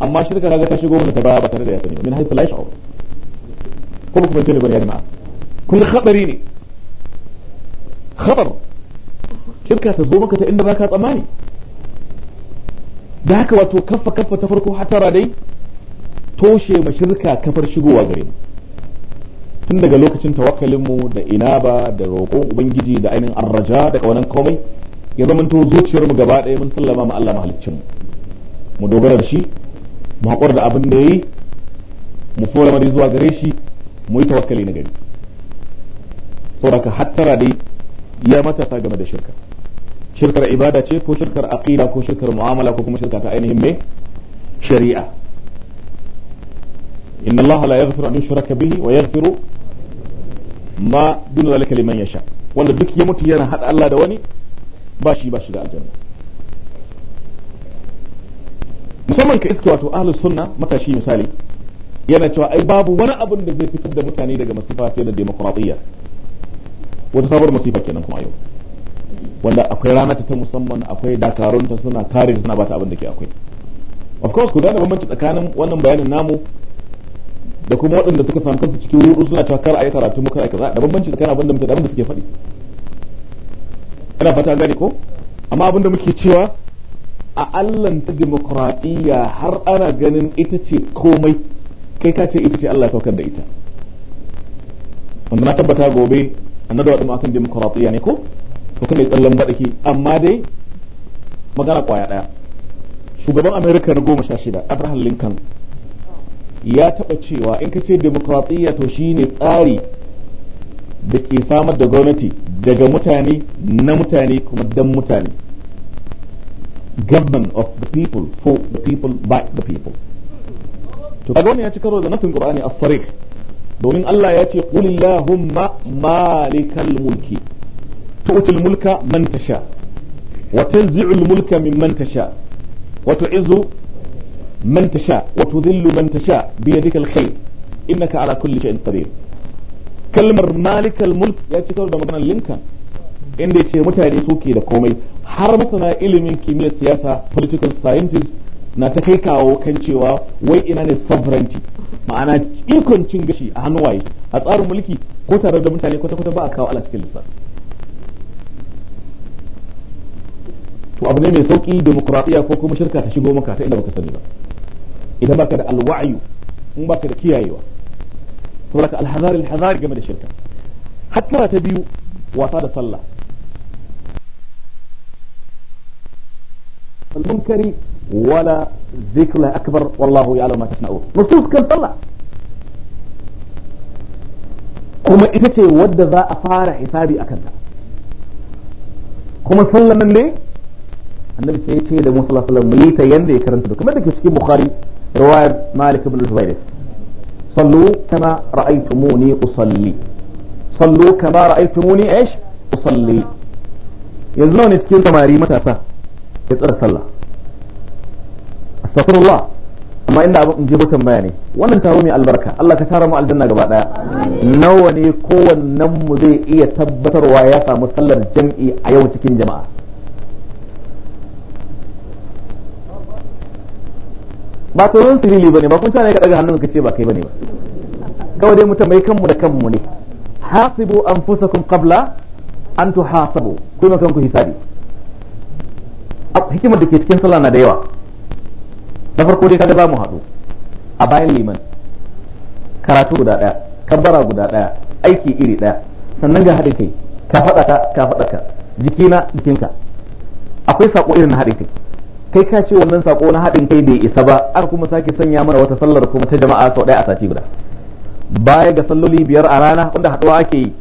amma shirka kaga ta shigo mana ta baya ba tare da ya sani min haythu la yash'ur kuma kuma tuni bari ya jama'a khabari ne khabar shirka ta zo maka ta inda baka tsammani da haka wato kafa kafa ta farko hatara dai toshe mashirka kafar shigowa gare mu tun daga lokacin tawakkalinmu da inaba da roƙon ubangiji da ainihin arraja da kawanan komai ya zama zamanto mu gaba ɗaya mun sallama ma Allah mahaliccin mu dogara da shi mu haƙura da abin da yayi mu fara mari zuwa gare shi mu yi tawakkali na gari saboda ka hattara dai ya matasa game da shirka shirkar ibada ce ko shirkar aqida ko shirkar mu'amala ko kuma shirka ta ainihin me shari'a inna allaha la yaghfiru an yushraka bihi wa yaghfiru ma dun zalika liman yasha wanda duk ya mutu yana hada Allah da wani ba shi ba shi da aljanna musamman ka iska wato ahlus sunna matashi misali yana cewa ai babu wani abin da zai fitar da mutane daga masifa fiye da demokradiyya wata sabuwar masifa kenan kuma yau wanda akwai ranata ta musamman akwai dakarunta suna kare suna bata abin da ke akwai of course ku gane bambanci tsakanin wannan bayanin namu da kuma waɗanda suka samu kansu cikin ruɗu suna cewa kar a yi karatu muka aika da bambanci tsakanin abin da muke da abin da suke faɗi ina fata gane ko amma abin da muke cewa a allanta dimokuraɗiyya har ana ganin ita ce komai kai ka ce ita ce Allah ya saukar da ita wanda na tabbata gobe annabawa ɗin akan dimokuraɗiyya ne ko to kai tsallan baɗaki amma dai magana kwaya ɗaya shugaban amerika na goma sha shida abraham lincoln ya taɓa cewa in ka ce demokratiyya to shine tsari da ke samar da gwamnati daga mutane na mutane kuma dan mutane government of the people for the people by the people to kaga ya ci karo da nafin ƙur'ani a sarih domin Allah ya ce qul ma malikal mulki تؤتي mulka من تشاء وتنزع الملك ممن تشاء وتعز من تشاء وتذل من تشاء بيدك الخير إنك على كل شيء قدير kalmar malikal mulk ya ci da maganar lincoln inda ya ce mutane suke da komai har masana ilimin kimiyyar siyasa political scientist na ta kai kawo kan cewa wai ina ne sovereignty ma'ana ikon cin gashi a hannuwaye a tsarin mulki ko tare da mutane kwata-kwata ba a kawo ala to abu ne mai sauki demokradiya ko kuma shirka ta shigo maka ta inda baka sani ba idan baka da alwa'yu in baka da kiyayewa saboda ka alhazari alhazari game da shirka hatta ta biyu wasa da sallah المنكر ولا ذكر أكبر والله يعلم ما تصنعون نصوص كان طلع kuma ita ce wadda za a fara hisabi a kanta kuma annabi sai ya ce da musa sallallahu alaihi yi ta yanda ya karanta kamar da ke cikin bukhari riwayat malik ibn al-hubayr sallu kama ra'aytumuni usalli sallu kama ra'aytumuni ايش usalli yanzu nawa ne cikin samari matasa ya tsara sallah astaghfirullah amma inda abin je butan bayani wannan taro mai albarka Allah ka tara mu aljanna gaba daya nawa ne kowannen mu zai iya tabbatarwa ya samu sallar jam'i a yau cikin jama'a ba tsoron sirili ne ba kun tana ka daga hannun ka ce ba kai ba ne ba kawai dai mutum mai kanmu da kanmu ne hasibu kun qabla an hasabu ku yi kanku hisabi hikimar da ke cikin sallah na da yawa na farko dai kada za mu haɗu a bayan liman karatu guda ɗaya kabbara guda ɗaya aiki iri ɗaya sannan ga haɗin kai ka faɗa ka ka faɗa ka jikina jikinka akwai saƙo irin na haɗin kai kai ka ce wannan sako na haɗin kai bai isa ba aka kuma sake sanya mana wata sallar kuma ta jama'a sau ɗaya a sati guda baya ga salloli biyar a rana wanda haɗuwa ake yi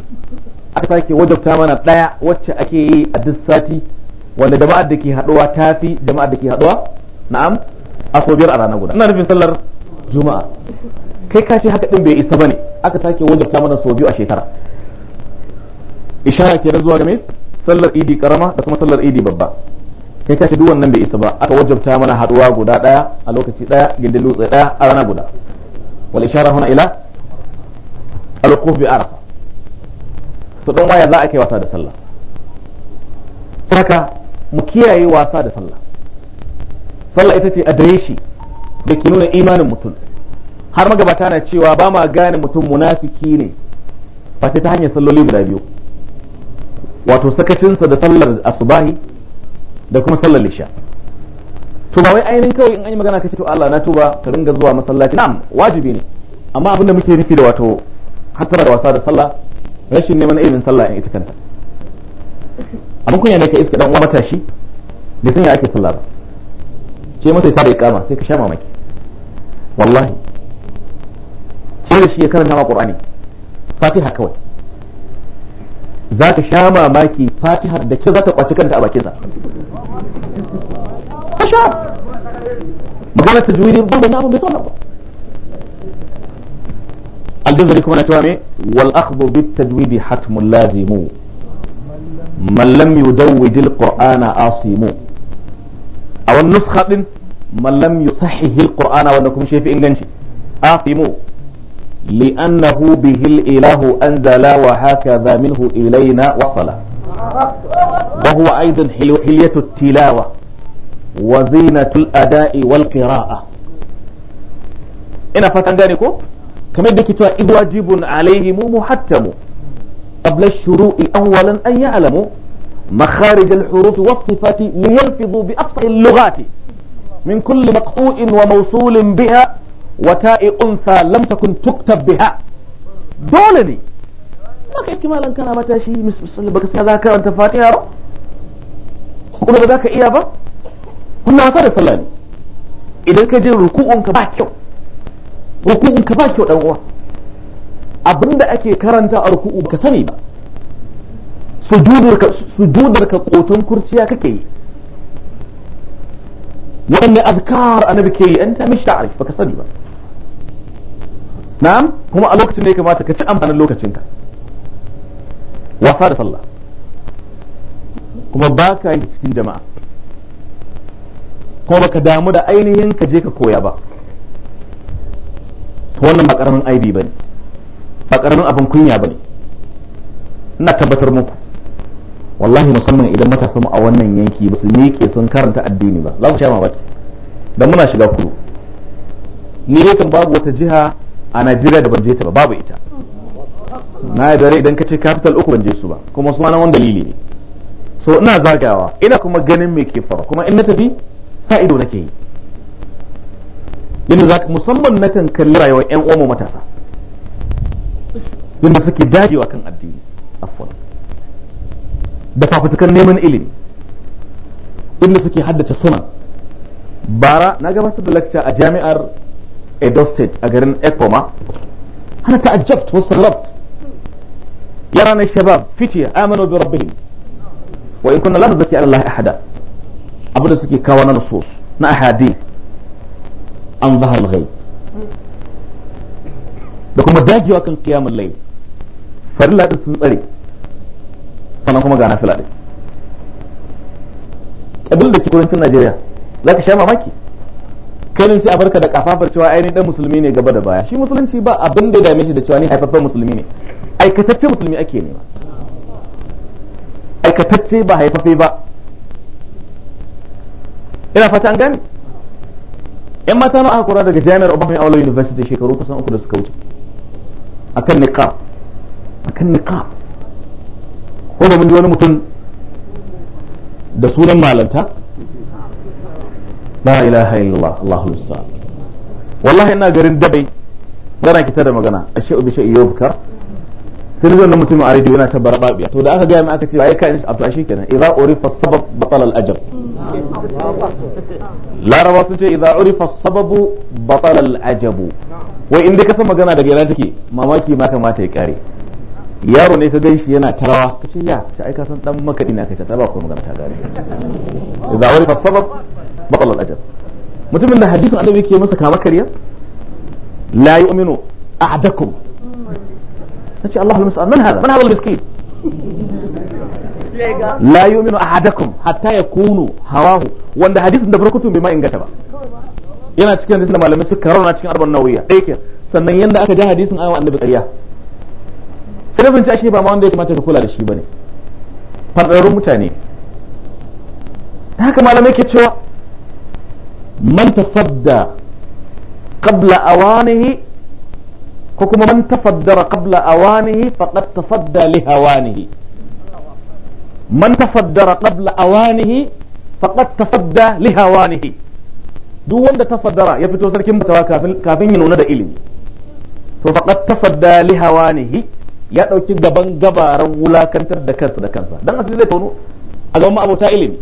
aka sake wajabta mana ɗaya wacce ake yi a duk sati wanda jama'ar da ke haɗuwa ta fi jama'ar da ke haɗuwa na'am a sau biyar a rana guda ina nufin sallar juma'a kai ka ce haka ɗin bai isa ba ne aka sake wajabta mana sau biyu a shekara ishara kenan zuwa game sallar idi karama da kuma sallar idi babba kai ka duk wannan bai isa ba aka wajabta mana haduwa guda daya a lokaci daya gindin dutse daya a rana guda wal ishara huna ila al bi arafa to dan waya za a kai wasa da sallah haka mu kiyaye wasa da sallah sallah ita ce adireshi da ke nuna imanin mutum har magabata na cewa ba ma gane mutum munafiki ne ba ta hanyar salloli guda biyu wato sakacinsa da sallar asubahi da kuma sallar lisha to ba wai ainihin kawai in an yi magana kace to Allah na tuba ka ringa zuwa masallaci na'am wajibi ne amma abinda da muke nufi da wato hattara da wasa da sallah rashin neman ilimin sallah in ita kanta amma kunya ne ka iska dan uwa matashi da sanya ake sallah ba ce masa ya da ikama sai ka sha mamaki wallahi ce da shi ya karanta ma qur'ani fatiha kawai za ka sha mamaki fatihar da ke za ta kwaci kanta a bakinsa a sha magana ta juyi ba wani abu mai tsoron ba aljazari kuma na cewa ne wal akhdhu bit tajwidi hatmun lazimu man lam yudawwij al qur'ana asimu a wannan nuskha din man lam yusahihi al qur'ana wanda kuma shefi inganci asimu لأنه به الإله أنزل وهكذا منه إلينا وصل وهو أيضا حلية التلاوة وزينة الأداء والقراءة إن فتن ذلك كما يدكتوا إذ واجب عليهم محتم قبل الشروء أولا أن يعلموا مخارج الحروف والصفات ليلفظوا بأفصح اللغات من كل مقطوع وموصول بها wata unsa lam takun tuktab biha dole ne maka yake malan kana matashi misali baka sai za ka karanta fatiha ba kuma ba za ka iya ba kuna wasa da sallah ne idan ka je ruku'un ka ba kyau ruku'un ka ba kyau dan uwa abinda ake karanta a ruku'u baka sani ba sujudar ka koton kurciya kake yi waɗanne azkar annabi ke yi an ta mishi ta'arif baka sani ba na'am kuma a lokacin da ya kamata ka ci amfanin lokacinka wasa da sallah kuma ba ka yi cikin jama'a kuma ka damu da ainihin ka je ka koya ba wannan ba karamin aibi ba ne ba karamin abin kunya ba ne ina tabbatar muku wallahi musamman idan matasan a wannan yanki ba su miƙe sun karanta addini ba za su sha mamaki dan muna shiga kudu. ni kan babu wata jiha a Najeriya da ban je ta ba babu ita na yi dare idan ka ce capital uku ban je su ba kuma su wan dalili ne so ina zagawa ina kuma ganin me ke faru kuma in na tafi sa ido nake yi yadda za musamman na kan kalli rayuwar yan omo matasa yadda suke dajewa kan addini afwan da fafutukan neman ilimi inda suke haddace suna bara na gabatar da lakca a jami'ar edo state a garin ekoma ana ta'ajjabt wa sarrabt yara ne shabab fitiya amanu bi rabbihim wa in kunna la nuzaki ala allahi ahada abinda suke kawo na nusus na ahadith an zahar al da kuma dagewa kan qiyamul layl farilla din sun tsare sannan kuma ga nafila din abin da ke kudancin Najeriya za ka sha mamaki kai ne sai a barka da kafafar cewa ai ni dan musulmi ne gaba da baya shi musulunci ba abin da dame shi da cewa ni haifaffen musulmi ne aikatacce musulmi ake nema aikatacce ba haifaffe ba ina fata an gane yan mata na aka kura daga jami'ar obama ya aula university shekaru kusan uku da suka wuce akan niqab akan niqab ko da mun ji wani mutum da sunan malanta la ilaha illallah Allahu musta'an wallahi ina garin dabai yana kita da magana ashe ubi shi yobka sai zo mutum a rediyo yana ta barbabiya to da aka ga mai aka ce ai kai abu ashe kenan idza urifa sabab batala al ajab larabawa sun ce idza urifa sababu batala al ajab wai inda ka san magana daga yana take mamaki ma kamata ya kare yaro ne ka ganshi yana tarawa ka ce ya ta aika san dan makadi na kai ta ba ko magana ta gare idza wani fasabab baqal al ajr mutumin da hadisin annabi yake masa kama kariya la yu'minu ahadakum nace Allahu musta'an man hada man hada miskin la yu'minu ahadakum hatta yakunu hawahu wanda hadisin da barkatun bai ma ingata ba yana cikin hadisin da malamai suka rauna cikin arba'in nawawiyya dai sannan yanda aka ji hadisin ayyuka annabi kariya. ina bincika shi ba ma wanda ya kamata ka kula da shi bane farɗarun mutane ta haka malamai ke cewa man tasadda qabla awanihi ko kuma man tafaddara qabla awanihi faqad tafadda li hawanihi man tafaddara qabla awanihi faqad tafadda li hawanihi duk wanda tafaddara ya fito sarkin batawa kafin ya nuna da ilimi to faqad tafadda li hawanihi ya ɗauki gaban gabaran wulakantar da kansa da kansa dan asali zai tono a gaban ma'abota ilimi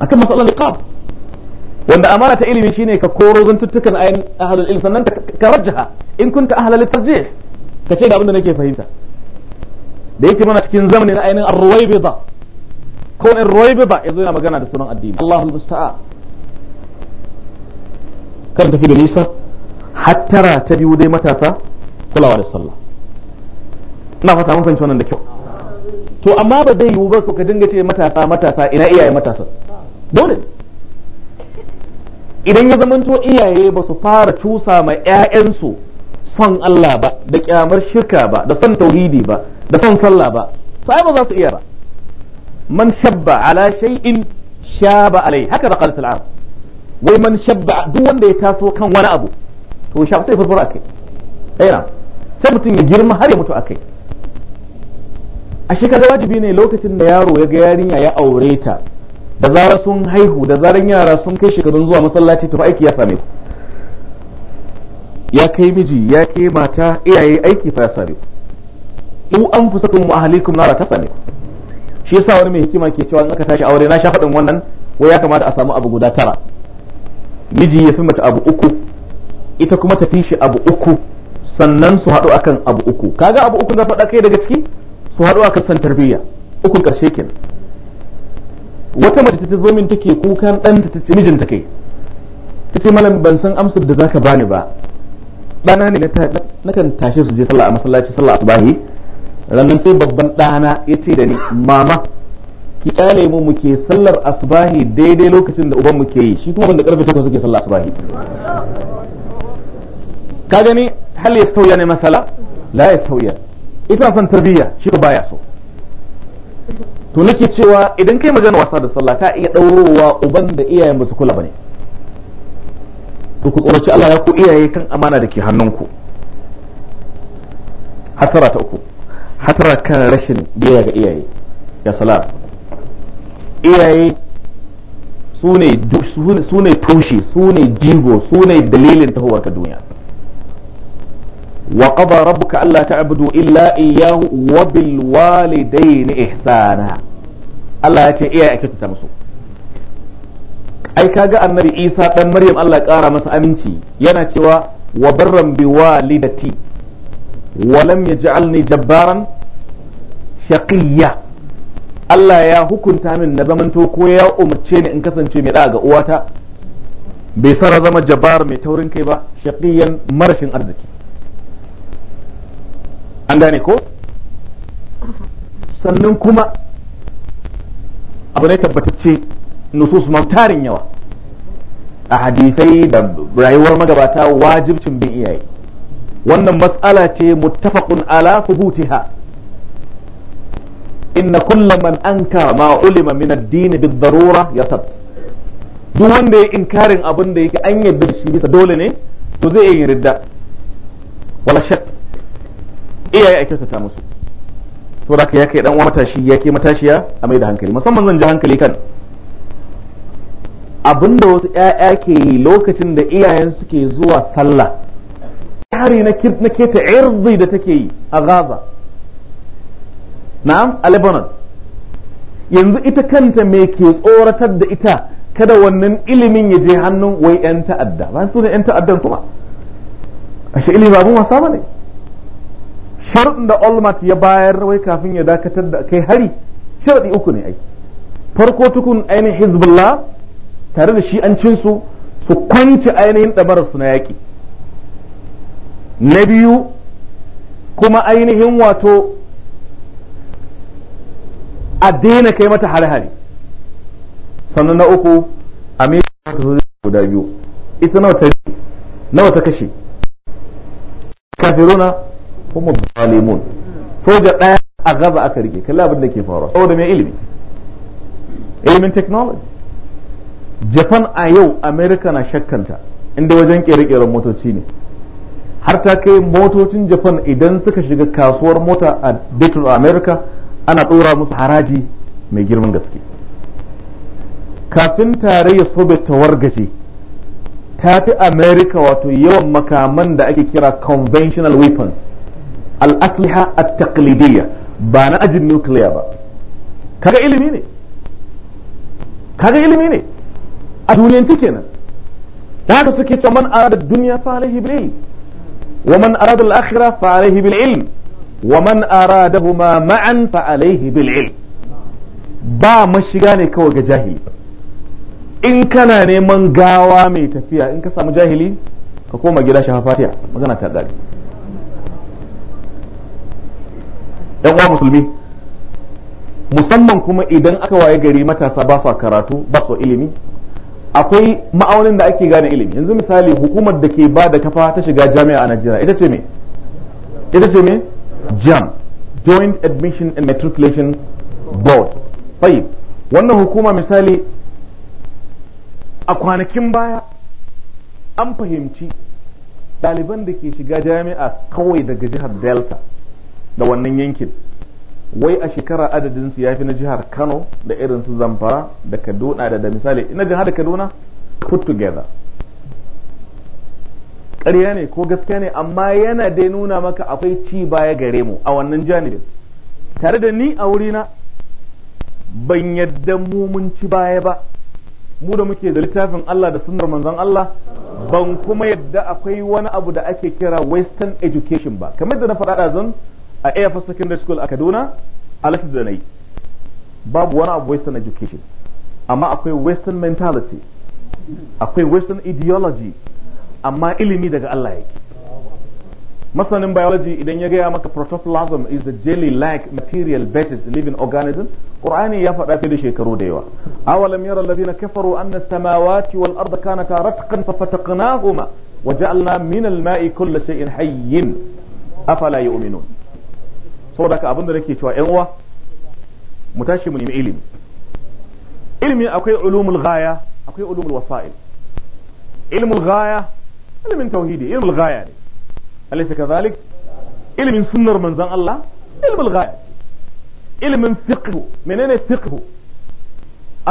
A kan matsalar liqab wanda amana ta ilimi shine ka koro zantuttukan ayin ahlul ilmi sannan ka rajjaha in kunta ahlal tarjih ka ce ga abin da nake fahimta da yake mana cikin zamanin ainihin ar-ruwaybida ko ne ruwaybida yanzu yana magana da sunan addini Allahu musta'a kan tafi da nisa hattara ta biyu dai matasa kulawa da sallah ina fata mun fahimci wannan da kyau to amma ba zai yiwu ba ko ka dinga ce matasa matasa ina iyaye matasa dole idan ya zamanto iyaye ba su fara cusa ma 'ya'yansu son Allah ba da kyamar shirka ba da son tauhidi ba da son sallah ba to ai ba za su iya ba man shabba ala shay'in shaba alai haka da qalat al wai man shabba duk wanda ya taso kan wani abu to sha sai furfura kai ayyana sai mutum ya girma har ya mutu a kai. ashe kaga wajibi ne lokacin da yaro ya ga yarinya ya aure ta da zarar sun haihu da zarar yara sun kai shekarun zuwa masallaci tafi aiki ya same ku ya kai miji ya kai mata iyaye aiki fa ya same ku u anfusakum wa ahlikum nara ta same ku shi yasa wani mai hikima ke cewa in aka tashi aure na sha faɗin wannan wai ya kamata a samu abu guda tara miji ya fi mata abu uku ita kuma ta fi shi abu uku sannan su haɗu akan abu uku kaga abu uku na faɗa kai daga ciki su haɗu akan san tarbiyya ukun ƙarshe kin wata mace ta zo min take kukan ɗan ta ce mijinta kai ta ce malam ban san amsar da zaka bani ba ɗana ne na kan tashi su je sallah a masallaci sallah asubahi rannan sai babban ɗana ya ce da ni mama ki kyale mu muke sallar asubahi daidai lokacin da uban muke yi shi kuma ban da karfe takwas suke sallar asubahi ka gani هل يستوي ne masala la يستوي ita san tarbiyya shi ko baya so to nake cewa idan kai magana wasa da sallah ka iya daurowa uban da iyayen ba su kula bane to ku tsoraci Allah ya ku iyaye kan amana da ke hannunku hatara ta uku hatara kan rashin biya ga iyaye ya salat iyaye su ne tushe su ne jigo su ne dalilin tahowar ka duniya wa rabbu ka allah ta'budu illa iyyahu wa bil walidayni ihsana Allah ya ce iyaye a kyautata musu ai kaga annabi Isa dan Maryam Allah ya kara masa aminci yana cewa wa barran bi walidati wa lam yaj'alni jabbaran shaqiyya Allah ya hukunta min na zamanto ko ya umarce ni in kasance mai da'a ga uwata bai sara zama jabbar mai taurin kai ba shaqiyan marashin arziki an gane ko sannan kuma abu ne tabbatacce nusus tarin yawa a hadisai da rayuwar magabata wajibcin bin iyaye wannan matsala ce muttafaqun ala thubutiha inna kulla man anka ma ulima min ad-din bid-darura yasad duk wanda ya inkarin abin da yake an yarda shi bisa dole ne to zai yi ridda wala shak iyaye a kyautata musu to da ya kai dan uwa matashi ya ke matashiya a mai da hankali musamman zan ji hankali kan abinda wasu ƴaƴa ke yi lokacin da iyayen suke zuwa sallah kare na na keta irzi da take yi a Gaza na'am a Lebanon yanzu ita kanta me ke tsoratar da ita kada wannan ilimin ya je hannun wai 'yan ta'adda ba su ne 'yan ta'addan kuma ashe ilimi babu wasa bane ne sharɗin da olmat ya bayar wai kafin ya dakatar da kai hari sharɗi uku ne ai farko tukun ainihin hezbollah tare da shi an shi'ancinsu su kwanci ainihin ɗabararsu na yaƙi na biyu kuma ainihin wato a daina kai mata hare-hare sannan na uku a mai guda biyu ita nawa ta kashe kafiruna kuma zalimun soja ɗaya a gaza aka rike kalli abin da ke faruwa saboda mai ilimi ilimin technology japan a yau america na shakkanta inda wajen kere-keren motoci ne har ta kai motocin japan idan suka shiga kasuwar mota a dayton america ana ɗora musu haraji mai girman gaske kafin tarayyar soviet ta wargaje ta fi america wato yawan makaman da ake kira conventional weapons al-asliha at-taqlidiyya ba na ajin nuclear ba kaga ilimi ne kaga ilimi ne a duniyanci kenan da haka suke cewa man arada duniya fa alaihi bil ilm wa man arada al-akhirah fa alaihi bil ilm wa man aradahuma ma'an fa alaihi bil ilm ba mashiga ne kawai ga jahili in kana neman gawa mai tafiya in ka samu jahili ka koma gida shafa fatiya magana ta gari yan uwa musulmi musamman kuma idan aka waye gari matasa ba su karatu ba su ilimi akwai ma'aunin da ake gane ilimi yanzu misali hukumar da ke ba da kafa ta shiga jami'a a Najeriya ita ce me ita ce me jam joint admission and matriculation board tayyib wannan hukuma misali a kwanakin baya an fahimci ɗaliban da ke shiga jami'a kawai daga jihar delta da wannan yankin wai a shekara adadin su yafi na jihar Kano da irin su Zamfara da Kaduna da da misali ina jihar da Kaduna put together ƙarya ne ko gaskiya ne amma yana dai nuna maka akwai ci baya gare mu a wannan janibin tare da ni a wurina ban yadda mu mun ci baya ba mu da muke da littafin Allah da sunnar manzon Allah ban kuma yadda akwai wani abu da ake kira western education ba kamar da na faɗa zan. a AFS secondary school a Kaduna a lesson da na yi babu wani abu western education amma akwai western mentality akwai western ideology amma ilimi daga Allah yake masanin biology idan ya gaya maka protoplasm is the jelly-like material based living organism qur'ani ya faɗa fi da shekaru da yawa awalam yara alladhina kafaru anna samawati wal arda kanata ratqan fafataqnahuma wa waje min al-ma'i kulla shay'in hayyin afala saboda haka abinda nake cewa yan uwa mu tashi mu nemi ilimi ilimi akwai ulumul ghaya akwai ulumul wasa'il ilmul ghaya ilmin tauhidi ilmul ghaya ne alaysa kadhalik ilmin sunnar manzon Allah ilmul ghaya ilmin fiqh menene fiqh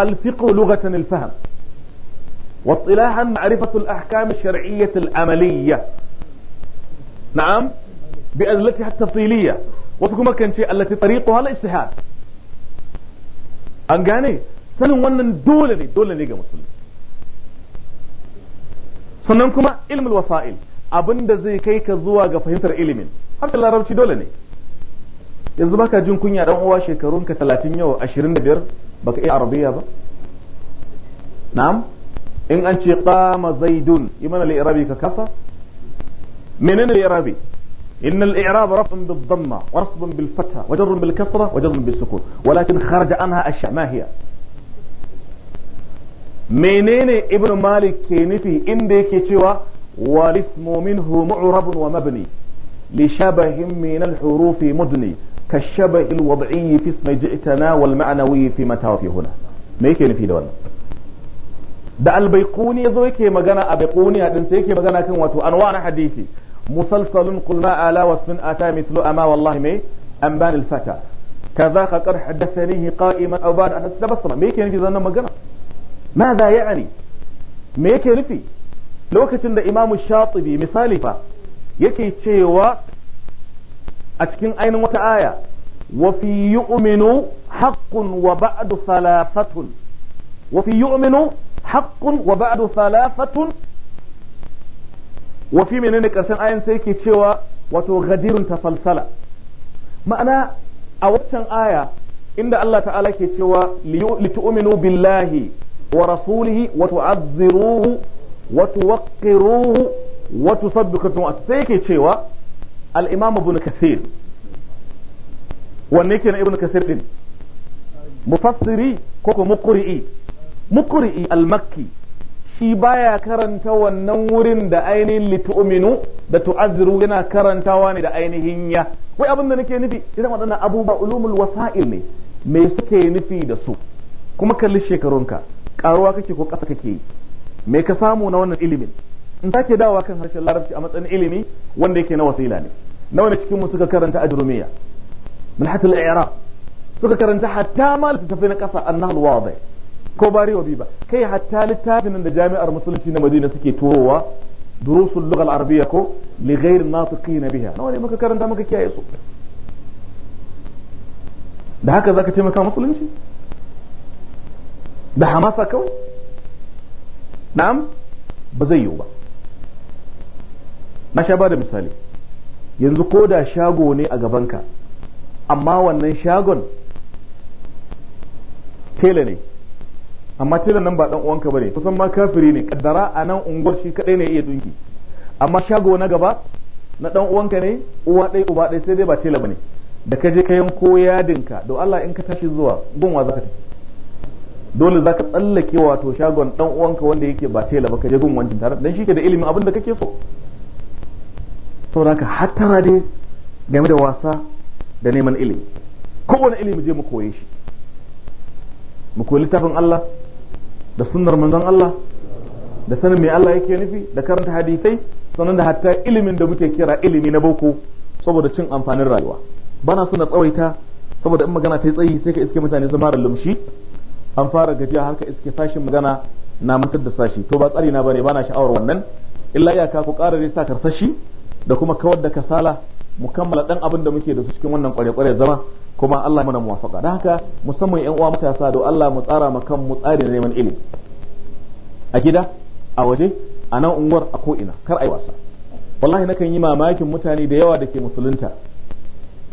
al fiqh lughatan al fahm واصطلاحا معرفة الأحكام الشرعية العملية نعم بأدلتها التفصيلية wasu kuma kan ce allati tariqu hal ijtihad an gane sanin wannan dole ne dole ne ga musulmi sannan kuma ilmul wasa'il abinda zai kai ka zuwa ga fahimtar ilimin harshen larabci dole ne yanzu baka jin kunya dan uwa shekarun ka 30 yau 25 baka iya arabiya ba na'am in an ce qama zaidun yi mana li'irabi ka kasa menene rabi? إن الإعراب رفع بالضمة ورصب بالفتحة وجر بالكسرة وجر بالسكون ولكن خرج عنها أشياء ما هي منين ابن مالك كينفي إن ديكي تشوى والاسم منه معرب ومبني لشبه من الحروف مدني كالشبه الوضعي في اسم جئتنا والمعنوي في متى وفي هنا ما في دولا دع البيقوني ذوي كي مغانا أبيقوني هذا سيكي مغانا كنواتو أنواع حديثي مسلسل قل ما آلا واسم أتى مثل أما والله مي أنبان الفتى كذا قد حدثنيه قائما أو بعد أنا تبصم ميك ينفي ذنب مقنا ماذا يعني ميك ينفي لو كتن إمام الشاطبي مثالي فا يكي تشيوا أتكين أين وتآية وفي يؤمن حق وبعد ثلاثة وفي يؤمن حق وبعد ثلاثة wa fi menene karshen ayan sai ke cewa wato gadirun tafalsala ma'ana a waccan aya inda Allah ta'ala ke cewa litu'minu billahi wa rasulihi wa tu'azziruhu wa tuwaqqiruhu wa tusaddiqu sai ke cewa al-imam ibn kathir wanne kenan ibn kathir din mufassiri ko ko muqri'i muqri'i al-makki shi baya karanta wannan wurin da ainihin litu'minu da tu'azziru yana karantawa ne da ainihin ya wai abin da nake nufi idan waɗannan abubuwa ulumul wasa'il ne me suke nufi da su kuma kalli shekarunka karuwa kake ko ƙasa kake yi me ka samu na wannan ilimin in sake dawowa kan harshen larabci a matsayin ilimi wanda yake na wasila ne nawa ne cikin mu suka karanta ajrumiya min hatul i'rab suka karanta hatta ma littattafai na ƙasa annahul ko bari wa ba kai hatta littafin da jami'ar musulunci na madina suke turowa durusul lugha al-arabiyya ko li ghairi natiqin biha nawa ne muka karanta muka kiyaye su da haka zaka taimaka musulunci da hamasa kawai na'am ba zai yiwu ba na sha ba da misali yanzu ko da shago ne a gabanka amma wannan shagon tela ne amma tilan nan ba dan uwanka bane kusan ma kafiri ne kaddara a nan unguwar shi kadai ne iya dungi amma shago na gaba na dan uwanka ne uwa ɗaya uba ɗaya sai dai ba tela bane da ka je kayan yanko yadinka don Allah in ka tashi zuwa gunwa zaka tafi dole zaka tsallake wato shagon dan uwanka wanda yake ba tela ba ka je gun wancin tare dan shi ke da ilimin abin da kake so saboda haka hattara dai game da wasa da neman ilimi kowane ilimi je mu koye shi mu koyi littafin Allah da sunnar manzon Allah da sanin me Allah yake nufi da karanta hadisai sanan da hatta ilimin da muke kira ilimi na boko saboda cin amfanin rayuwa bana suna tsawaita saboda in magana ta yi tsayi sai ka iske mutane zama da lumshi an fara gajiya har ka iske sashin magana na mutar da sashi to ba tsari na bane bana sha'awar wannan illa iyaka ku ƙara sa karsashi da kuma kawar da kasala mu kammala dan abin da muke da su cikin wannan kware-kware zama kuma Allah mana muwafaka don haka musamman yan uwa matasa da Allah mu tsara ma kan mu tsari na neman ilimi a gida a waje a nan unguwar a ko ina kar a yi wasa wallahi nakan yi mamakin mutane da yawa da ke musulunta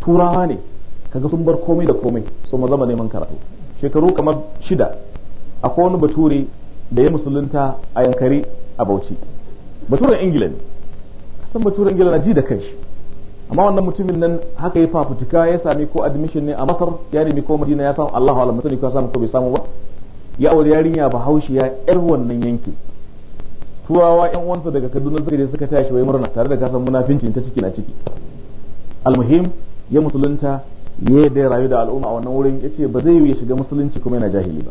turawa ne kaga sun bar komai da komai su mu zama neman karatu shekaru kamar shida akwai wani bature da ya musulunta a yankari a bauchi baturen ingila ne san baturen ingila na ji da kanshi amma wannan mutumin nan haka ya fafutuka ya sami ko admission ne a masar ya nemi ko madina ya samu allahu alam sani ko samu ko bai samu ba ya aure yarinya ba haushi ya yar wannan yanki turawa yan uwansa daga kaduna suka je suka tashi wai murna tare da kasan munafincin ta ciki na ciki almuhim ya musulunta ya da rayu da al'umma a wannan wurin ya ce ba zai yi ya shiga musulunci kuma yana jahili ba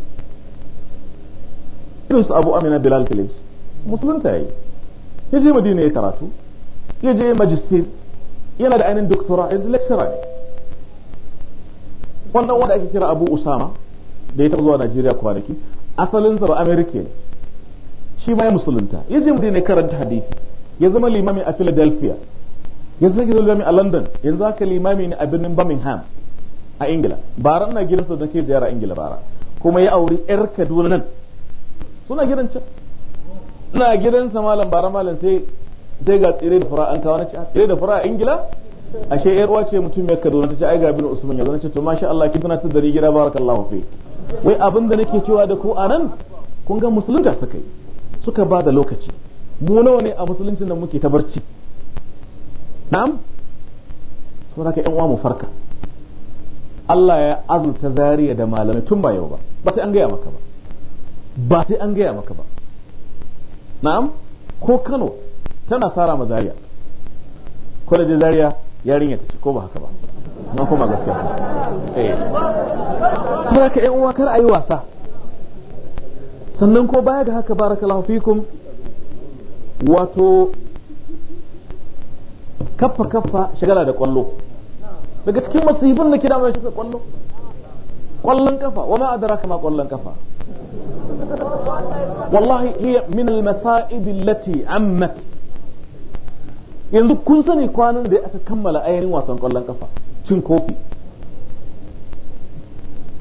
irinsu abu amina bilal kilis musulunta ya yi ya je madina ya karatu ya je magistrate yana da ainihin doctora yanzu lecturer ne wannan wanda ake kira abu usama da ya taɓa zuwa najeriya kwanaki asalin ba ne shi ma ya musulunta ya je madina karanta hadisi ya zama limami a philadelphia ya zama limami a london yanzu haka limami ne a birnin birmingham a ingila bara ina gidansa da ke ziyara ingila bara kuma ya auri yar kaduna nan suna gidan can ina gidansa malam bara malam sai sai ga tsire da fara an kawo na ce ah, tsire da a ingila ashe yar uwa ce mutum ya kaduna ta ce ai ga bin usman yanzu na ce to masha Allah kin tana ta dari gida barakallahu fi wai abin da nake cewa da ku anan kun ga musulunta suka yi suka ba da lokaci mu nawa ne a musuluncin da muke ta barci na'am saboda ka yan uwa mu farka Allah ya azurta zariya da malamai tun ba yau ba ba sai an gaya maka ba ba sai an gaya maka ba na'am ko Kano tana sara ma Zariya kwalejin Zariya yarinya ta ce ko ba haka ba na kuma gaskiya eh saboda ka yan uwa kar a yi wasa sannan ko baya ga haka barakallahu fikum wato kaffa kaffa shagala da kwallo daga cikin masifin da kida mai shi kwallo kwallon kafa wa ma adraka ma kwallon kafa wallahi hiya min al-masa'ib allati ammat yanzu kun sani kwanan da aka kammala ainihin wasan kwallon kafa cin kofi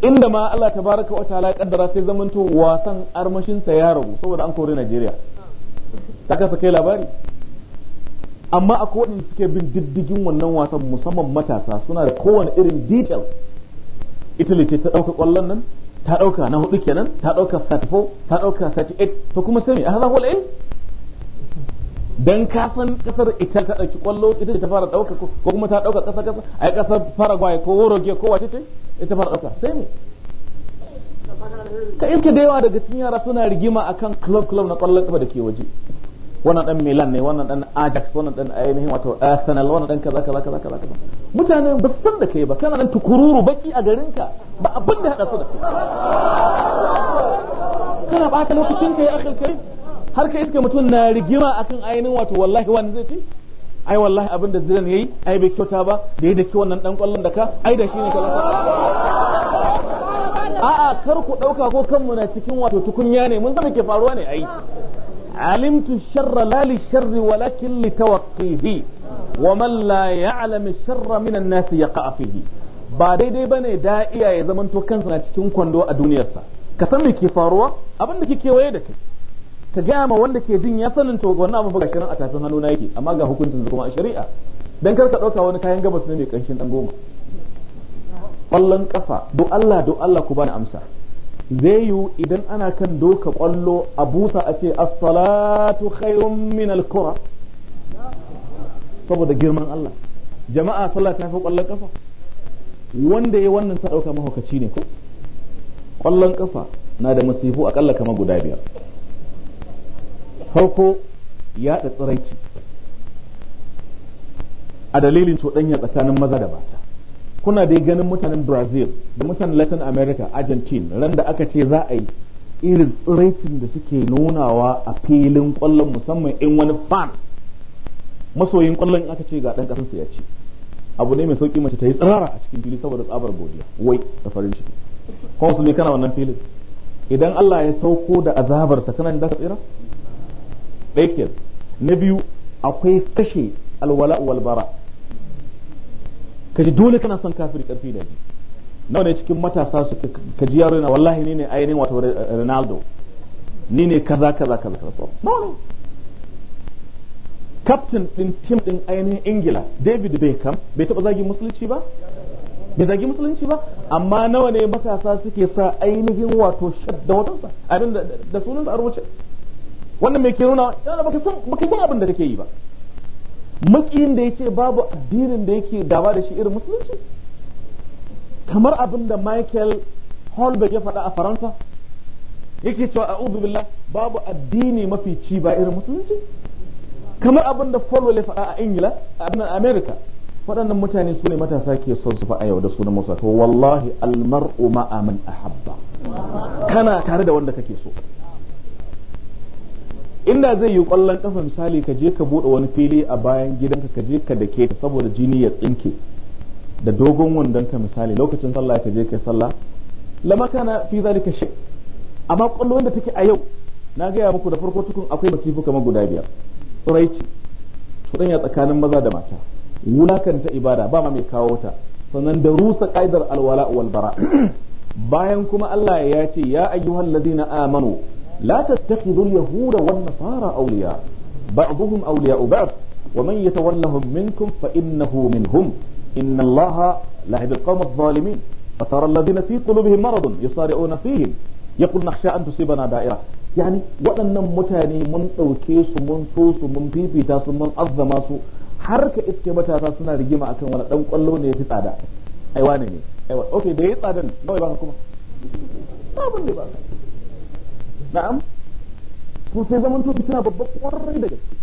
inda ma Allah ta baraka wata ala kaddara sai zamanto wasan armashin sa ya ragu saboda an kore Najeriya ta kasa kai labari amma akwai waɗanda suke bin diddigin wannan wasan musamman matasa suna da kowane irin detail Italy ce ta ɗauka kwallon nan ta ɗauka na hudu kenan ta ɗauka 34 ta ɗauka 38 to kuma sai me a haza hulɗin dan ka san kasar ita ta dauki kwallo ita ta fara dauka ko kuma ta dauka kasa kasa ai kasar Paraguay ko Uruguay ko wace ce ita fara dauka sai me ka iske da yawa daga cikin yara suna rigima akan club club na kwallon kafa da ke waje wannan dan Milan ne wannan dan Ajax wannan dan ainihin wato Arsenal wannan dan kaza kaza kaza kaza kaza mutane ba su san da kai ba kana nan tukururu baki a garin ka ba abin da hada su da kana bata lokacin kai akhil karim har ka iska mutum na rigima akan ainihin wato wallahi wani zai ce ai wallahi abin da zidan yayi ai bai kyauta ba da ya daki wannan dan kwallon da ka ai da shine a a'a kar ku dauka ko kanmu na cikin wato tukunya ne mun zama ke faruwa ne ai alimtu sharra la li sharri walakin li tawqihi wa man la ya'lamu sharra min an-nas yaqa fihi ba daidai bane da iyaye zamanto kansa na cikin kwando a duniyarsa ka san me ke faruwa abin da kike waye da kai ka gaya ma wanda ke jin ya sanin to wannan abu ga shirin a tafin hannu na yake amma ga hukuncin su kuma a shari'a don kar ka dauka wani kayan gabas ne mai kanshin dan goma Ƙwallon ƙafa do Allah do Allah ku bani amsa zai yiwu idan ana kan doka ƙwallo a busa a ce as-salatu khairun min al-kura saboda girman Allah jama'a sallah ta fi ƙwallon ƙafa wanda ya wannan ta dauka mahaukaci ne ko Ƙwallon ƙafa na da masifu akalla kamar guda biyar farko ya da tsiraici a dalilin cuɗanya tsakanin maza da mata kuna dai ganin mutanen brazil da mutanen latin america argentine ran da aka ce za a yi irin tsiraicin da suke nunawa a filin kwallon musamman in wani fan masoyin kwallon aka ce ga ɗan ƙasarsa ya ce abu ne mai sauƙi mace ta yi tsirara a cikin fili saboda tsabar godiya wai da farin ciki kuma su ne kana wannan filin idan Allah ya sauko da azabarsa kana da ka tsira ɗaya na biyu akwai kashe alwala wal bara kaji dole kana son kafiri karfi da ji nawa ne cikin matasa su kaji yaro na? wallahi ni ne ainihin wato Ronaldo ni ne kaza kaza kaza kaza so ne captain din tim din ainihin Ingila David Beckham bai taba zagi musulunci ba bai zagi musulunci ba amma nawa ne matasa suke sa ainihin wato shadda watansa abin da sunan a rubuce wannan mai ke nuna yana baka san baka san abin da kake yi ba makiyin da yace babu addinin da yake dawa da shi irin musulunci kamar abin da Michael Holberg ya faɗa a Faransa yake cewa a'udhu billah babu addini mafi ci ba irin musulunci kamar abin da Paul ya faɗa a Ingila a America waɗannan mutane su ne matasa ke son su fa'a yau da sunan Musa to wallahi almar'u ma'a man ahabba kana tare da wanda kake so inda zai yi kwallon kafa misali ka je ka bude wani fili a bayan gidanka ka je ka dake ta saboda jini ya tsinke da dogon wandon ka misali lokacin sallah ka je kai sallah lama kana fi zalika shi amma kwallo wanda take a yau na gaya muku da farko tukun akwai masifu kamar guda biyar tsoraici ya tsakanin maza da mata wulakanta ibada ba ma mai kawo ta sannan da rusa ka'idar alwala wal bara [CLEARS THROAT] bayan kuma Allah ya ce ya ayyuhal ladina amanu لا تتخذوا اليهود والنصارى أولياء بعضهم أولياء بعض ومن يتولهم منكم فإنه منهم إن الله لعب القوم الظالمين فترى الذين في قلوبهم مرض يصارعون فيهم يقول نخشى أن تصيبنا دائرة يعني وأن متاني من أوكيس من توس من بيبيتاس من أظماس حركة إتكبتا تاسنا رجيما أكن ولا تنق اللون يتسعى أيواني أيواني أوكي دي إتسعى دا نوي بانكم نوي بانكم na'am to sai zaman to suna babba kwarai da gaske